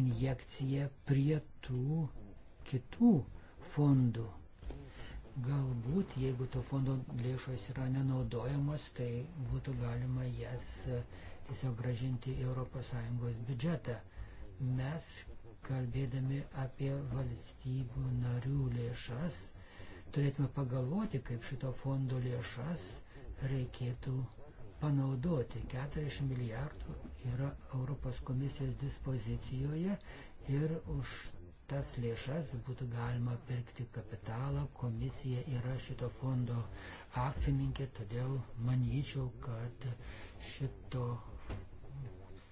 injekcija prie tų kitų fondų. Galbūt, jeigu to fondo lėšos yra nenaudojamos, tai būtų galima jas e, tiesiog gražinti į ES biudžetą. Mes, kalbėdami apie valstybių narių lėšas, turėtume pagalvoti, kaip šito fondo lėšas reikėtų panaudoti. 40 milijardų yra Europos komisijos dispozicijoje ir už tas lėšas būtų galima pirkti kapitalą. Komisija yra šito fondo akcininkė, todėl manyčiau, kad šito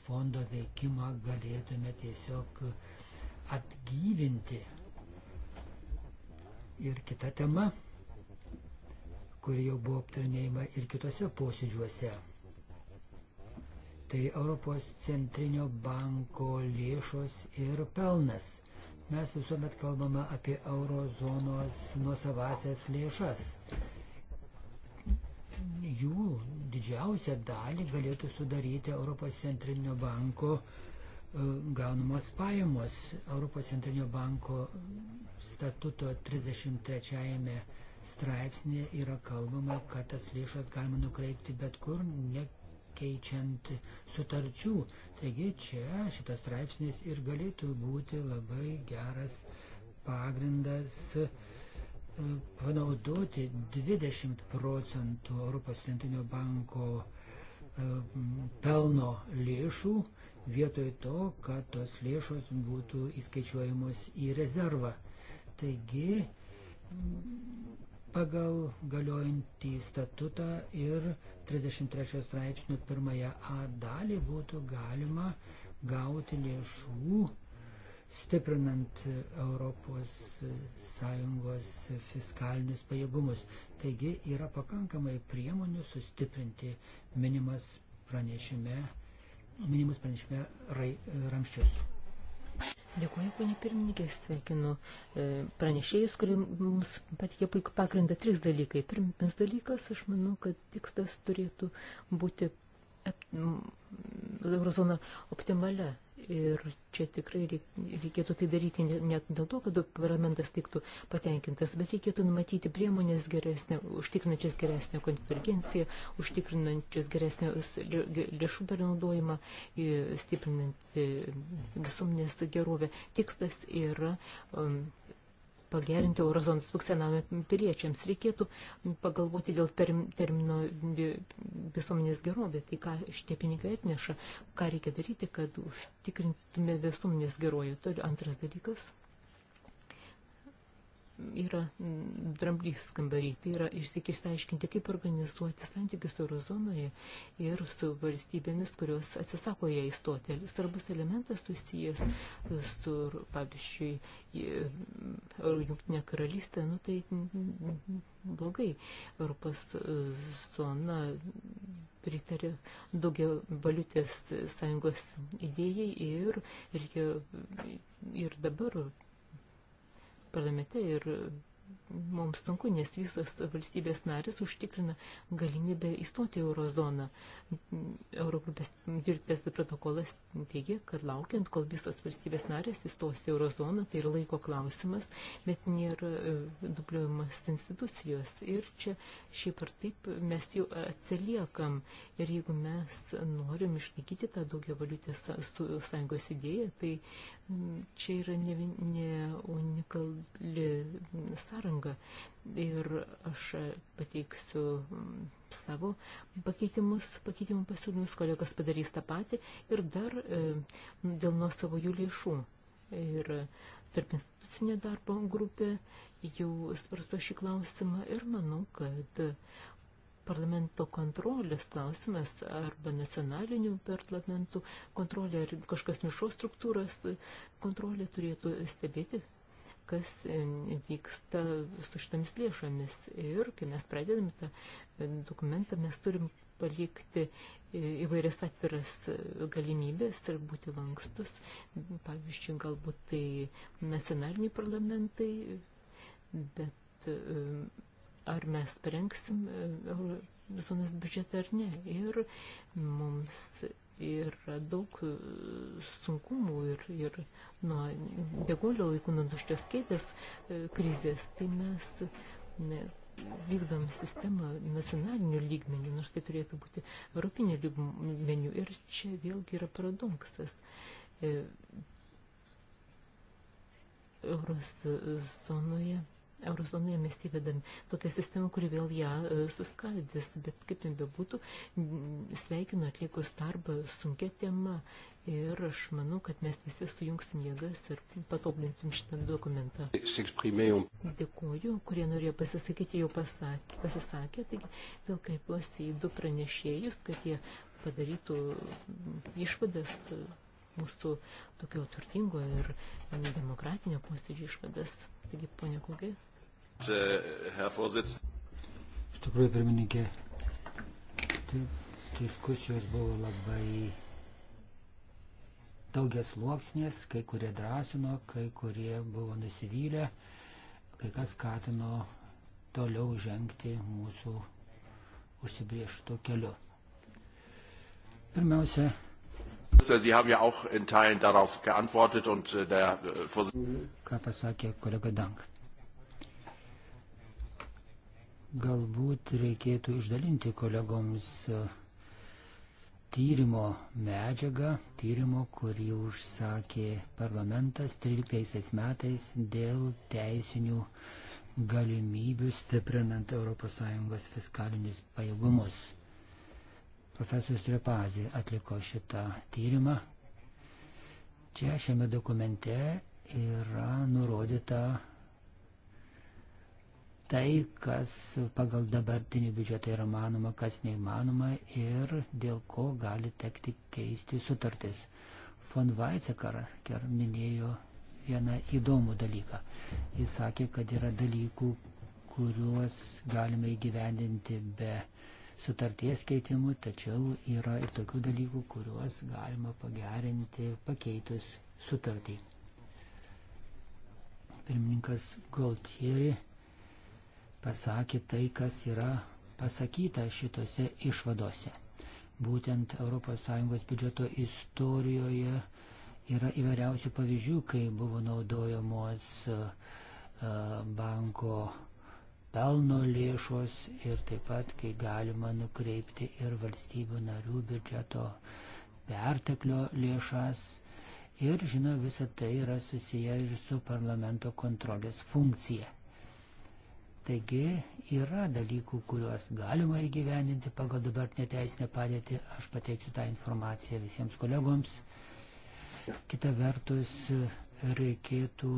fondo veikimą galėtume tiesiog atgyvinti. Ir kita tema, kuri jau buvo aptarinėjama ir kitose posėdžiuose tai Europos centrinio banko lėšos ir pelnas. Mes visuomet kalbame apie eurozonos nuosavasias lėšas. Jų didžiausią dalį galėtų sudaryti Europos centrinio banko e, gaunamos pajamos. Europos centrinio banko statuto 33 straipsnė yra kalbama, kad tas lėšas galima nukreipti bet kur, ne keičiant sutarčių. Taigi čia šitas straipsnis ir galėtų būti labai geras pagrindas e, panaudoti 20 procentų Europos centrinio banko e, pelno lėšų vietoj to, kad tos lėšos būtų įskaičiuojamos į rezervą. Taigi pagal galiojantį statutą ir 33 straipsnio pirmąją A dalį būtų galima gauti lėšų, stiprinant ES fiskalinius pajėgumus. Taigi yra pakankamai priemonių sustiprinti minimas pranešime, minimus pranešime ramščius. Dėkuoju, ponė pirmininkė, sveikinu e, pranešėjus, kurie mums patikė puikų pagrindą. Tris dalykai. Pirmas dalykas, aš manau, kad tikslas turėtų būti eurozoną optimalia Ir čia tikrai reikėtų tai daryti ne dėl to, kad parlamentas tiktų patenkintas, bet reikėtų numatyti priemonės geresnė, užtikrinančias geresnę konvergenciją, užtikrinančias geresnę lėšų pernaudojimą, stiprinant e, visuomenės gerovę. Tikslas yra um, pagerinti eurozonos funkcionavimą piliečiams. Reikėtų pagalvoti dėl termino visuomenės gerovė, tai ką šitie pinigai atneša, ką reikia daryti, kad užtikrintume visuomenės gerovę. Toliau antras dalykas yra mm, dramblys skambarį. Tai yra išsiek išsiaiškinti, kaip organizuoti santykius eurozonoje ir su valstybėmis, kurios atsisako ją įstoti. Svarbus elementas susijęs su, pavyzdžiui, Junktinė karalystė, nu tai mm, mm, blogai. Europos e, zona pritarė daugia valiutės sąjungos idėjai ir, ir, ir dabar parlamente ir mums sunku, nes visos valstybės narės užtikrina galimybę įstoti į eurozoną. Eurogrupės dirbtės protokolas teigia, kad laukiant, kol visos valstybės narės įstos į eurozoną, tai yra laiko klausimas, bet nėra e, dubliuojamas institucijos. Ir čia šiaip ar taip mes jau atsiliekam. Ir jeigu mes norim išlaikyti tą daugia valiutės sąjungos idėją, tai čia yra ne, ne unikali sąlyga sąrangą. Ir aš pateiksiu mm, savo pakeitimus, pakeitimų pasiūlymus, kolegos padarys tą patį ir dar e, dėl nuosavo jų lėšų. Ir tarp institucinė darbo grupė jau svarsto šį klausimą ir manau, kad parlamento kontrolės klausimas arba nacionalinių parlamentų kontrolė ar kažkas mišos struktūros kontrolė turėtų stebėti kas vyksta su šitomis lėšomis. Ir kai mes pradedame tą dokumentą, mes turim palikti e, įvairias atviras e, galimybės ir būti lankstus. Pavyzdžiui, galbūt tai nacionaliniai parlamentai, bet ar mes parengsim e, zonos biudžetą ar ne. Ir mums yra daug e, sunkumų ir, ir nuo degolio laikų, nuo duščios kėdės e, krizės, tai mes ne, vykdom sistemą nacionaliniu lygmeniu, nors tai turėtų būti europinio lygmeniu. Ir čia vėlgi yra paradoksas. E, Euros zonoje Eurozonoje mes įvedam tokią sistemą, kuri vėl ją e, suskaldys, bet kaip ten bebūtų, sveikinu atlikus darbą sunkia tema ir aš manau, kad mes visi sujungsim jėgas ir patoblinsim šitą dokumentą. Dėkuoju, kurie norėjo pasisakyti, jau pasakė, pasisakė, taigi vėl kreipiuosi į du pranešėjus, kad jie padarytų išvadas mūsų tokio turtingo ir demokratinio posėdžio išvadas. Taigi, ponia Kūgai. Iš tikrųjų, pirmininkė, tai diskusijos buvo labai daugias sluoksnės, kai kurie drąsino, kai kurie buvo nusivylę, kai kas skatino toliau žengti mūsų užsibrieštų keliu. Pirmiausia, Sie haben ja auch in Teilen darauf geantwortet und äh, der äh, Vorsitzende. Ką pasakė kolega Dank? Galbūt reikėtų išdalinti kolegoms e, tyrimo medžiagą, tyrimo, kurį užsakė parlamentas 13 metais dėl teisinių galimybių stiprinant ES fiskalinius pajėgumus. Mm. Profesorius Repazi atliko šitą tyrimą. Čia šiame dokumente yra nurodyta tai, kas pagal dabartinį biudžetą yra manoma, kas neįmanoma ir dėl ko gali tekti keisti sutartis. Von Weizsäcker minėjo vieną įdomų dalyką. Jis sakė, kad yra dalykų, kuriuos galime įgyvendinti be sutarties keitimu, tačiau yra ir tokių dalykų, kuriuos galima pagerinti pakeitus sutartį. Pirmininkas Goltieri pasakė tai, kas yra pasakyta šitose išvadose. Būtent ES biudžeto istorijoje yra įvairiausių pavyzdžių, kai buvo naudojamos banko pelno lėšos ir taip pat, kai galima nukreipti ir valstybių narių biudžeto perteklio lėšas. Ir, žinoma, visa tai yra susiję ir su parlamento kontrolės funkcija. Taigi yra dalykų, kuriuos galima įgyvendinti pagal dabartinę teisinę padėtį. Aš pateiksiu tą informaciją visiems kolegoms. Kita vertus, reikėtų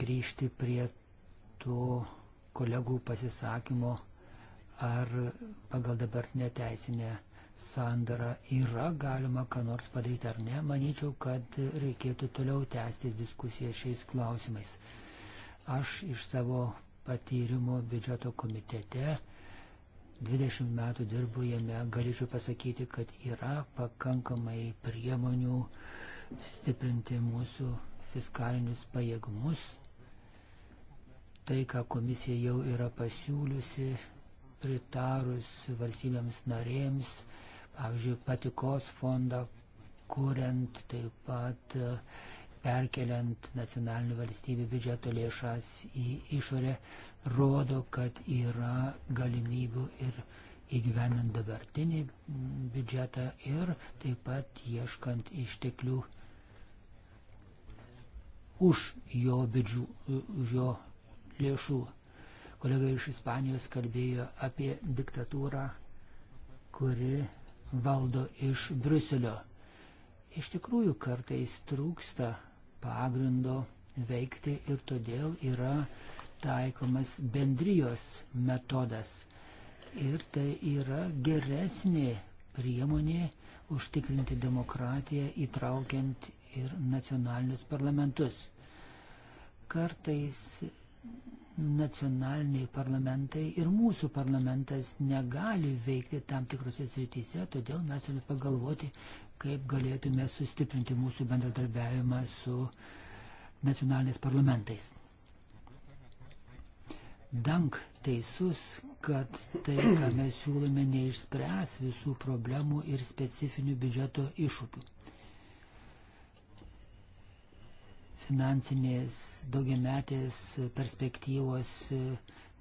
grįžti prie to kolegų pasisakymo, ar pagal dabartinę teisinę sandarą yra galima ką nors padaryti ar ne. Manyčiau, kad reikėtų toliau tęsti diskusiją šiais klausimais. Aš iš savo patyrimo biudžeto komitete 20 metų dirbu jame, galėčiau pasakyti, kad yra pakankamai priemonių stiprinti mūsų fiskalinius pajėgumus. Tai, ką komisija jau yra pasiūliusi, pritarus valstybėms narėms, pavyzdžiui, patikos fondą kuriant, taip pat e, perkeliant nacionalinių valstybių biudžeto lėšas į išorę, rodo, kad yra galimybių ir įgyvenant dabartinį biudžetą ir taip pat ieškant išteklių už jo, bidžių, už jo lėšų. Kolega iš Ispanijos kalbėjo apie diktatūrą, kuri valdo iš Bruselio. Iš tikrųjų kartais trūksta pagrindo veikti ir todėl yra taikomas bendrijos metodas. Ir tai yra geresnė priemonė užtikrinti demokratiją, įtraukiant ir nacionalinius parlamentus. Kartais nacionaliniai parlamentai ir mūsų parlamentas negali veikti tam tikrose srityse, todėl mes turime pagalvoti, kaip galėtume sustiprinti mūsų bendradarbiavimą su nacionaliniais parlamentais. Dank teisus, kad tai, ką mes siūlome, neišspręs visų problemų ir specifinių biudžeto iššūkių. finansinės daugiametės perspektyvos e,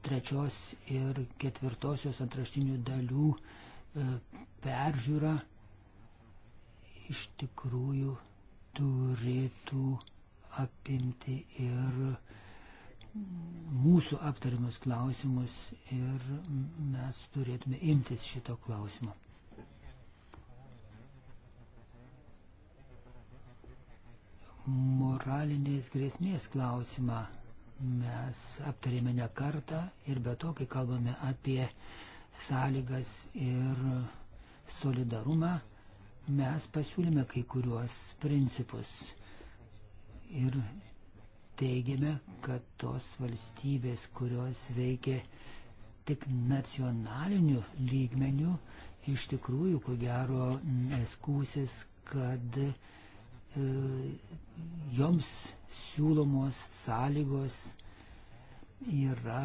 trečios ir ketvirtosios antraštinių dalių e, peržiūra iš tikrųjų turėtų apimti ir mūsų aptarimus klausimus ir mes turėtume imtis šito klausimo. moralinės grėsmės klausimą mes aptarėme ne kartą ir be to, kai kalbame apie sąlygas ir solidarumą, mes pasiūlėme kai kuriuos principus ir teigiame, kad tos valstybės, kurios veikia tik nacionaliniu lygmeniu, iš tikrųjų, ko gero, skūsis, kad uh, E, joms siūlomos sąlygos yra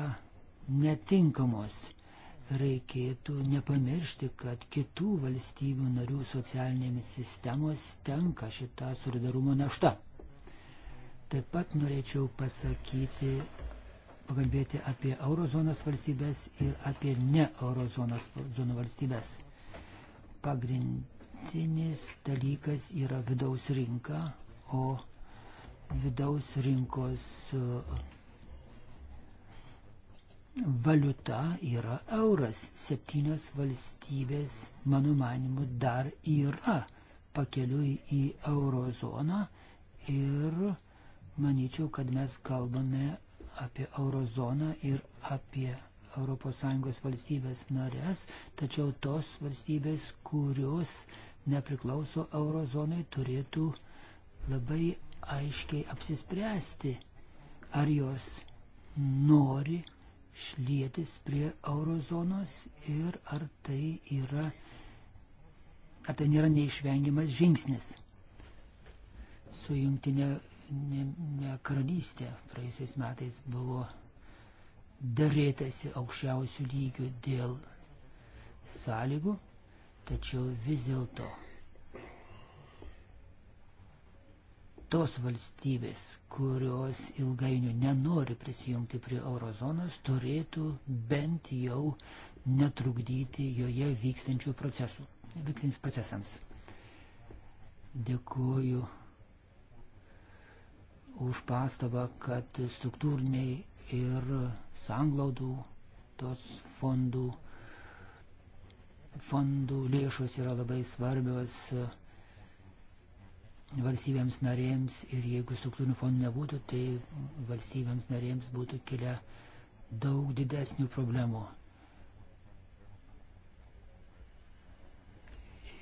netinkamos. Reikėtų nepamiršti, kad kitų valstybių narių socialinėmis sistemos tenka šita solidarumo našta. Taip pat norėčiau pasakyti, pakalbėti apie eurozonos valstybės ir apie ne eurozonos valstybės. Pagrind, Pagrindinis dalykas yra vidaus rinka, o vidaus rinkos e, valiuta yra euras. Septynios valstybės, mano manimu, dar yra pakeliui į eurozoną ir manyčiau, kad mes kalbame apie eurozoną ir apie ES valstybės narės, tačiau tos valstybės, kurios nepriklauso eurozonai, turėtų labai aiškiai apsispręsti, ar jos nori šlietis prie eurozonos ir ar tai yra, ar tai nėra neišvengiamas žingsnis. Su jungtinė ne, ne karalystė praėjusiais metais buvo darėtasi aukščiausių lygių dėl sąlygų Tačiau vis dėlto tos valstybės, kurios ilgainių nenori prisijungti prie eurozonos, turėtų bent jau netrukdyti joje vykstančių procesų, vykstantys procesams. Dėkuoju už pastabą, kad struktūriniai ir sanglaudų tos fondų fondų lėšos yra labai svarbios e, valstybėms narėms ir jeigu struktūrinių fondų nebūtų, tai valstybėms narėms būtų kilę daug didesnių problemų.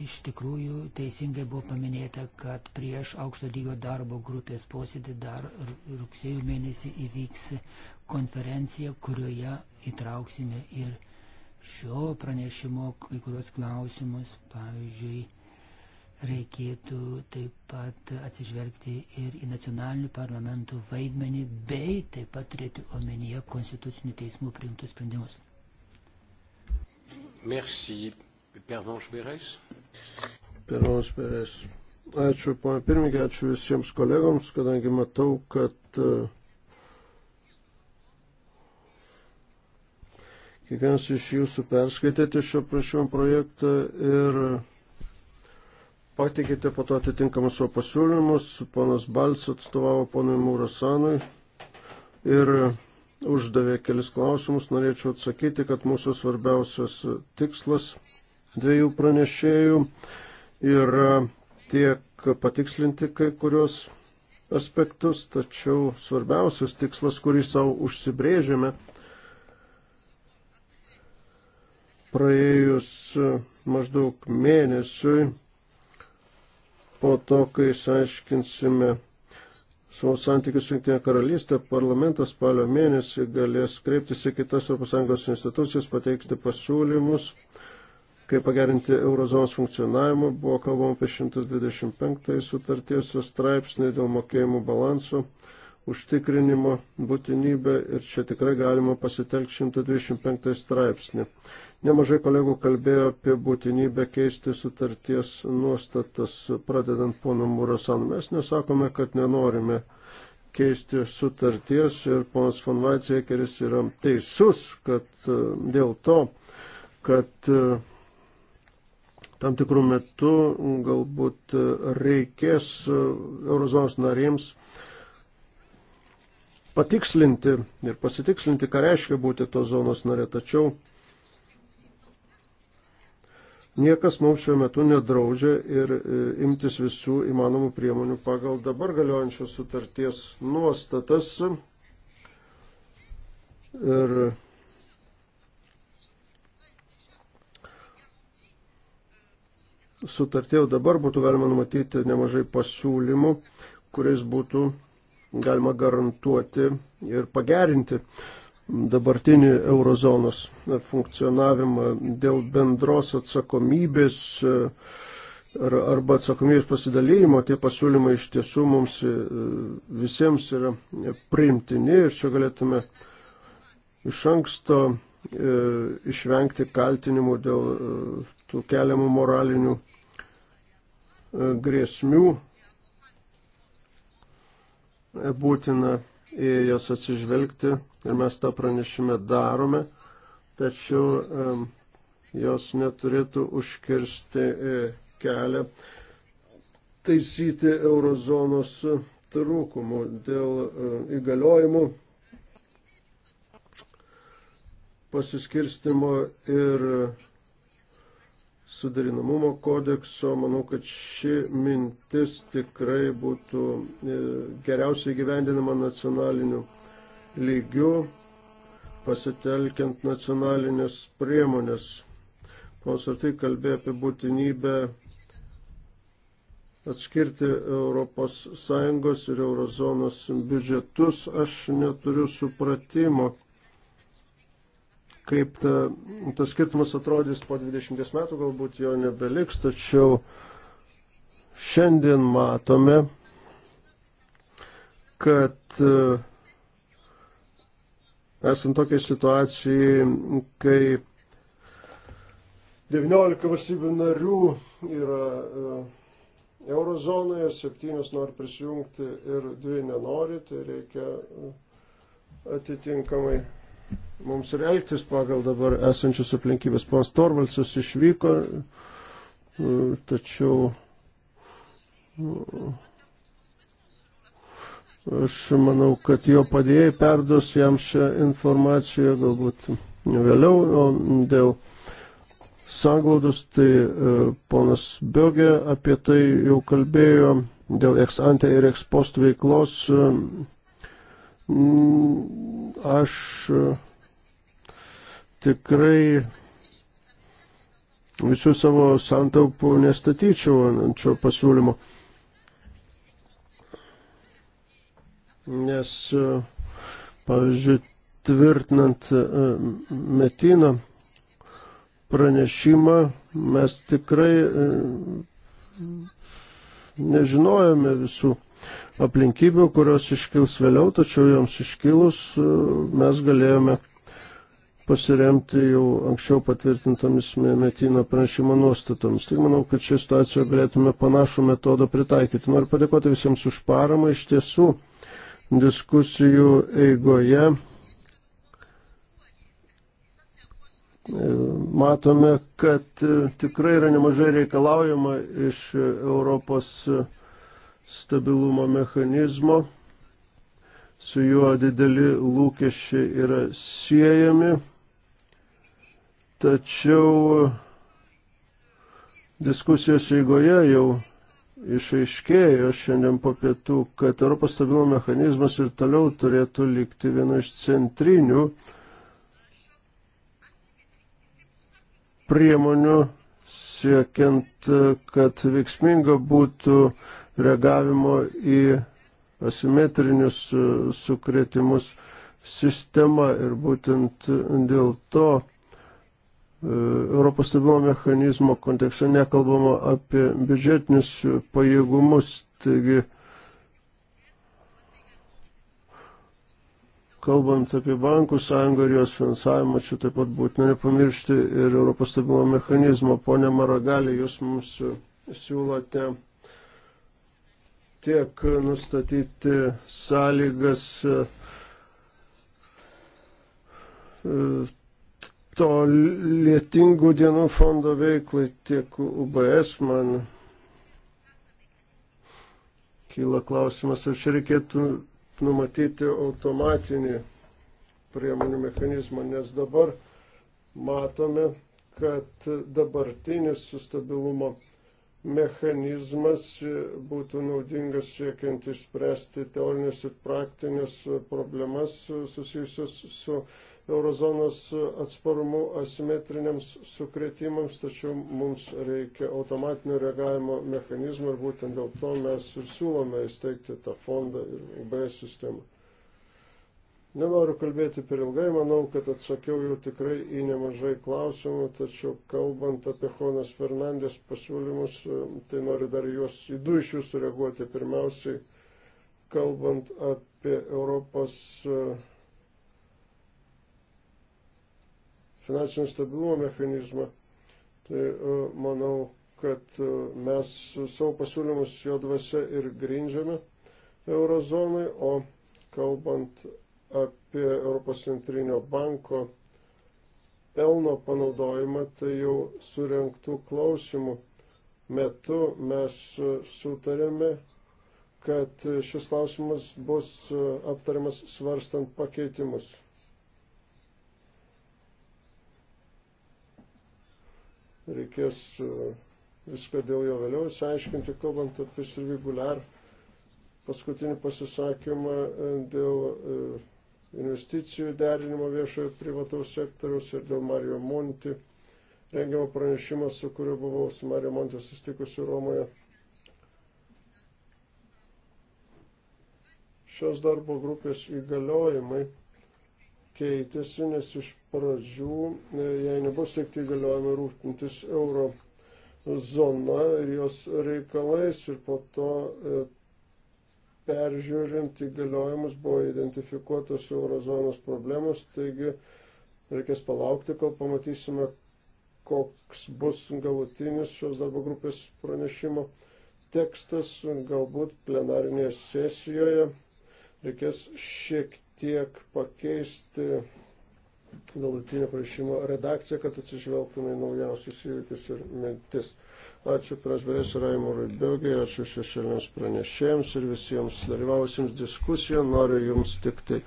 Iš tikrųjų, teisingai buvo paminėta, kad prieš aukšto lygio darbo grupės posėdį dar rugsėjų mėnesį įvyks konferencija, kurioje įtrauksime ir šio pranešimo kai kurios klausimus, pavyzdžiui, reikėtų taip pat atsižvelgti ir į nacionalinių parlamentų vaidmenį, bei taip pat turėti omenyje konstitucinių teismų priimtus sprendimus. Merci. Pervanš Beres. Pervanš Beres. Ačiū, pana pirmininkė, ačiū visiems kolegoms, kadangi matau, kad uh, Kiekvienas iš jūsų perskaitėte šio prašymo projektą ir pateikėte po to atitinkamus savo pasiūlymus. Ponas Bals atstovavo ponui Mūrasanui ir uždavė kelis klausimus. Norėčiau atsakyti, kad mūsų svarbiausias tikslas dviejų pranešėjų yra tiek patikslinti kai kurios aspektus, tačiau svarbiausias tikslas, kurį savo užsibrėžėme, praėjus e, maždaug mėnesiui po to, kai išaiškinsime savo santykius su Junktinė karalystė, parlamentas spalio mėnesį galės kreiptis į kitas ES institucijas, pateikti pasiūlymus, kaip pagerinti eurozonos funkcionavimą. Buvo kalbama apie 125 sutarties straipsnį dėl mokėjimų balansų užtikrinimo būtinybę ir čia tikrai galima pasitelkti 125 straipsnį. Nemažai kolegų kalbėjo apie būtinybę keisti sutarties nuostatas, pradedant pono Murasan. Mes nesakome, kad nenorime keisti sutarties ir ponas von Weizsäkeris yra teisus, kad e, dėl to, kad e, tam tikrų metų galbūt e, reikės eurozonos narėms patikslinti ir pasitikslinti, ką reiškia būti tos zonos narė. Tačiau Niekas mums šiuo metu nedraudžia ir e, imtis visų įmanomų priemonių pagal dabar galiojančios sutarties nuostatas. Ir sutartė jau dabar būtų galima numatyti nemažai pasiūlymų, kuriais būtų galima garantuoti ir pagerinti uh, dabartinį eurozonos funkcionavimą dėl bendros atsakomybės e, ar, arba atsakomybės pasidalymo, tie pasiūlymai iš tiesų mums e, visiems yra priimtini ir čia galėtume iš anksto e, išvengti kaltinimų dėl tų keliamų moralinių grėsmių būtina į jas atsižvelgti ir mes tą pranešime darome, tačiau jos neturėtų užkirsti e, kelią taisyti eurozonos trūkumų dėl e, įgaliojimų pasiskirstimo ir sudarinamumo kodekso, manau, kad ši mintis tikrai būtų e, geriausiai gyvendinama nacionaliniu lygiu, pasitelkiant nacionalinės priemonės. Ponsartai kalbėjo apie būtinybę atskirti ES ir Eurozonos biudžetus. Aš neturiu supratimo kaip ta, tas skirtumas atrodys po 20 metų, galbūt jo nebeliks, tačiau šiandien matome, kad e, esant tokiai situacijai, kai 19 valstybių narių yra e, eurozonoje, 7 nori prisijungti ir 2 nenori, tai reikia e, atitinkamai mums ir elgtis pagal dabar esančius aplinkybės. Ponas Torvalsas išvyko, tačiau aš manau, kad jo padėjai perduos jam šią informaciją galbūt vėliau, o dėl sanglaudos, tai e, ponas Biogė apie tai jau kalbėjo, dėl ex ante ir ex post veiklos. E, Mm, aš e, tikrai visų savo santaupų nestatyčiau ant šio pasiūlymo. Nes, e, pavyzdžiui, tvirtinant e, metino pranešimą mes tikrai nežinojame visų aplinkybių, kurios iškils vėliau, tačiau joms iškilus e, mes galėjome pasiremti jau anksčiau patvirtintomis metino pranešimo nuostatomis. Tik manau, kad šią situaciją galėtume panašų metodą pritaikyti. Noriu padėkoti visiems už paramą. Iš tiesų, diskusijų eigoje e, matome, kad e, tikrai yra nemažai reikalaujama iš Europos stabilumo mechanizmo. Su juo dideli lūkesčiai yra siejami. Tačiau diskusijos eigoje jau išaiškėjo šiandien po pietų, kad Europos stabilumo mechanizmas ir toliau turėtų likti vienu iš centrinių priemonių siekiant, kad veiksminga būtų reagavimo į asimetrinius e, sukretimus sistema ir būtent dėl to e, Europos stabilumo mechanizmo kontekste nekalbama apie biudžetinius pajėgumus, taigi kalbant apie bankų sąjungą ir jos finansavimą, čia taip pat būtina nepamiršti ir Europos stabilumo mechanizmo. Pone Maragali, jūs mums siūlote tiek nustatyti sąlygas e, to lietingų dienų fondo veiklai, tiek UBS man kyla klausimas, ar čia reikėtų numatyti automatinį priemonių mechanizmą, nes dabar matome, kad dabartinis su stabilumo mechanizmas būtų naudingas siekiant išspręsti teorinės ir praktinės problemas susijusios su eurozonos atsparumu asimetriniams sukretimams, tačiau mums reikia automatinio reagavimo mechanizmo ir būtent dėl to mes ir siūlome įsteigti tą fondą ir UBS sistemą. Nenoriu kalbėti per ilgai, manau, kad atsakiau jau tikrai į nemažai klausimų, tačiau kalbant apie Jonas Fernandės pasiūlymus, e, tai noriu dar juos į du iš jų sureaguoti. Pirmiausiai, kalbant apie Europos e, finansinio stabilumo mechanizmą, tai e, manau, kad mes savo pasiūlymus jo dvasia ir grindžiame eurozonai, o kalbant apie Europos centrinio banko pelno panaudojimą, tai jau surinktų klausimų metu mes sutarėme, kad šis klausimas bus aptariamas svarstant pakeitimus. Reikės viską dėl jo vėliau įsiaiškinti, kalbant apie Silviguliar paskutinį pasisakymą dėl investicijų derinimo viešojo privataus sektoriaus ir dėl Mario Monti rengiamo pranešimo, su kuriuo buvau su Mario Monti sustikusi Romoje. Šios darbo grupės įgaliojimai keitėsi, nes iš pradžių, e, jei nebus tik įgaliojimai rūpintis euro zona ir jos reikalais ir po to e, peržiūrint įgaliojimus buvo identifikuotos eurozonos problemos, taigi reikės palaukti, kol pamatysime, koks bus galutinis šios darbo grupės pranešimo tekstas, galbūt plenarinėje sesijoje reikės šiek tiek pakeisti galutinio prašymo redakciją, kad atsižvelgtume į naujausius įvykius ir mintis. Ačiū Prasberės Raimurui Bilgiai, ačiū šešėlėms pranešėjams ir visiems dalyvausiems diskusiją. Noriu Jums tik tai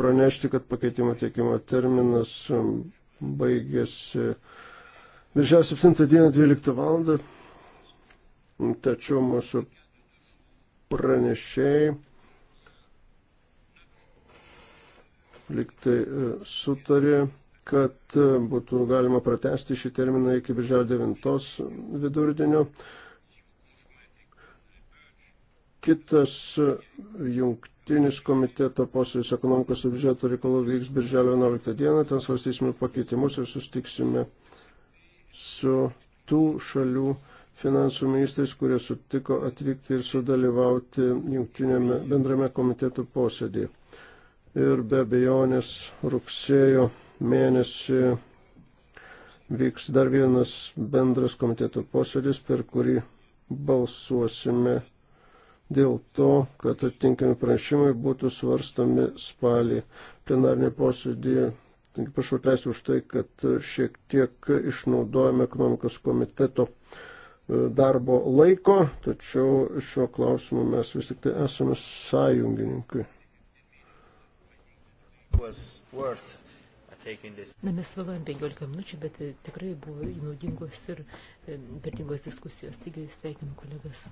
pranešti, kad pakeitimo teikimo terminas um, baigėsi birželio 7 dieną 12 val. Tačiau mūsų pranešėjai liktai e, sutarė kad e, būtų galima pratesti šį terminą iki birželio 9 vidurdienio. Kitas jungtinis komiteto posėdis ekonomikos ir biudžeto reikalų vyks birželio 11 dieną, ten svarstysime pakeitimus ir sustiksime su tų šalių finansų ministrais, kurie sutiko atvykti ir sudalyvauti jungtinėme bendrame komitetų posėdėje. Ir be abejonės rugsėjo mėnesį vyks dar vienas bendras komiteto posėdis, per kurį balsuosime dėl to, kad atitinkami pranešimai būtų svarstami spalį plenarnį posėdį. Taigi prašau teisų už tai, kad šiek tiek išnaudojame ekonomikos komiteto e, darbo laiko, tačiau šiuo klausimu mes vis tik tai esame sąjungininkai. Was worth Na, mes vėluojam 15 minučių, bet e, tikrai buvo naudingos ir e, vertingos diskusijos. Taigi sveikinu kolegas.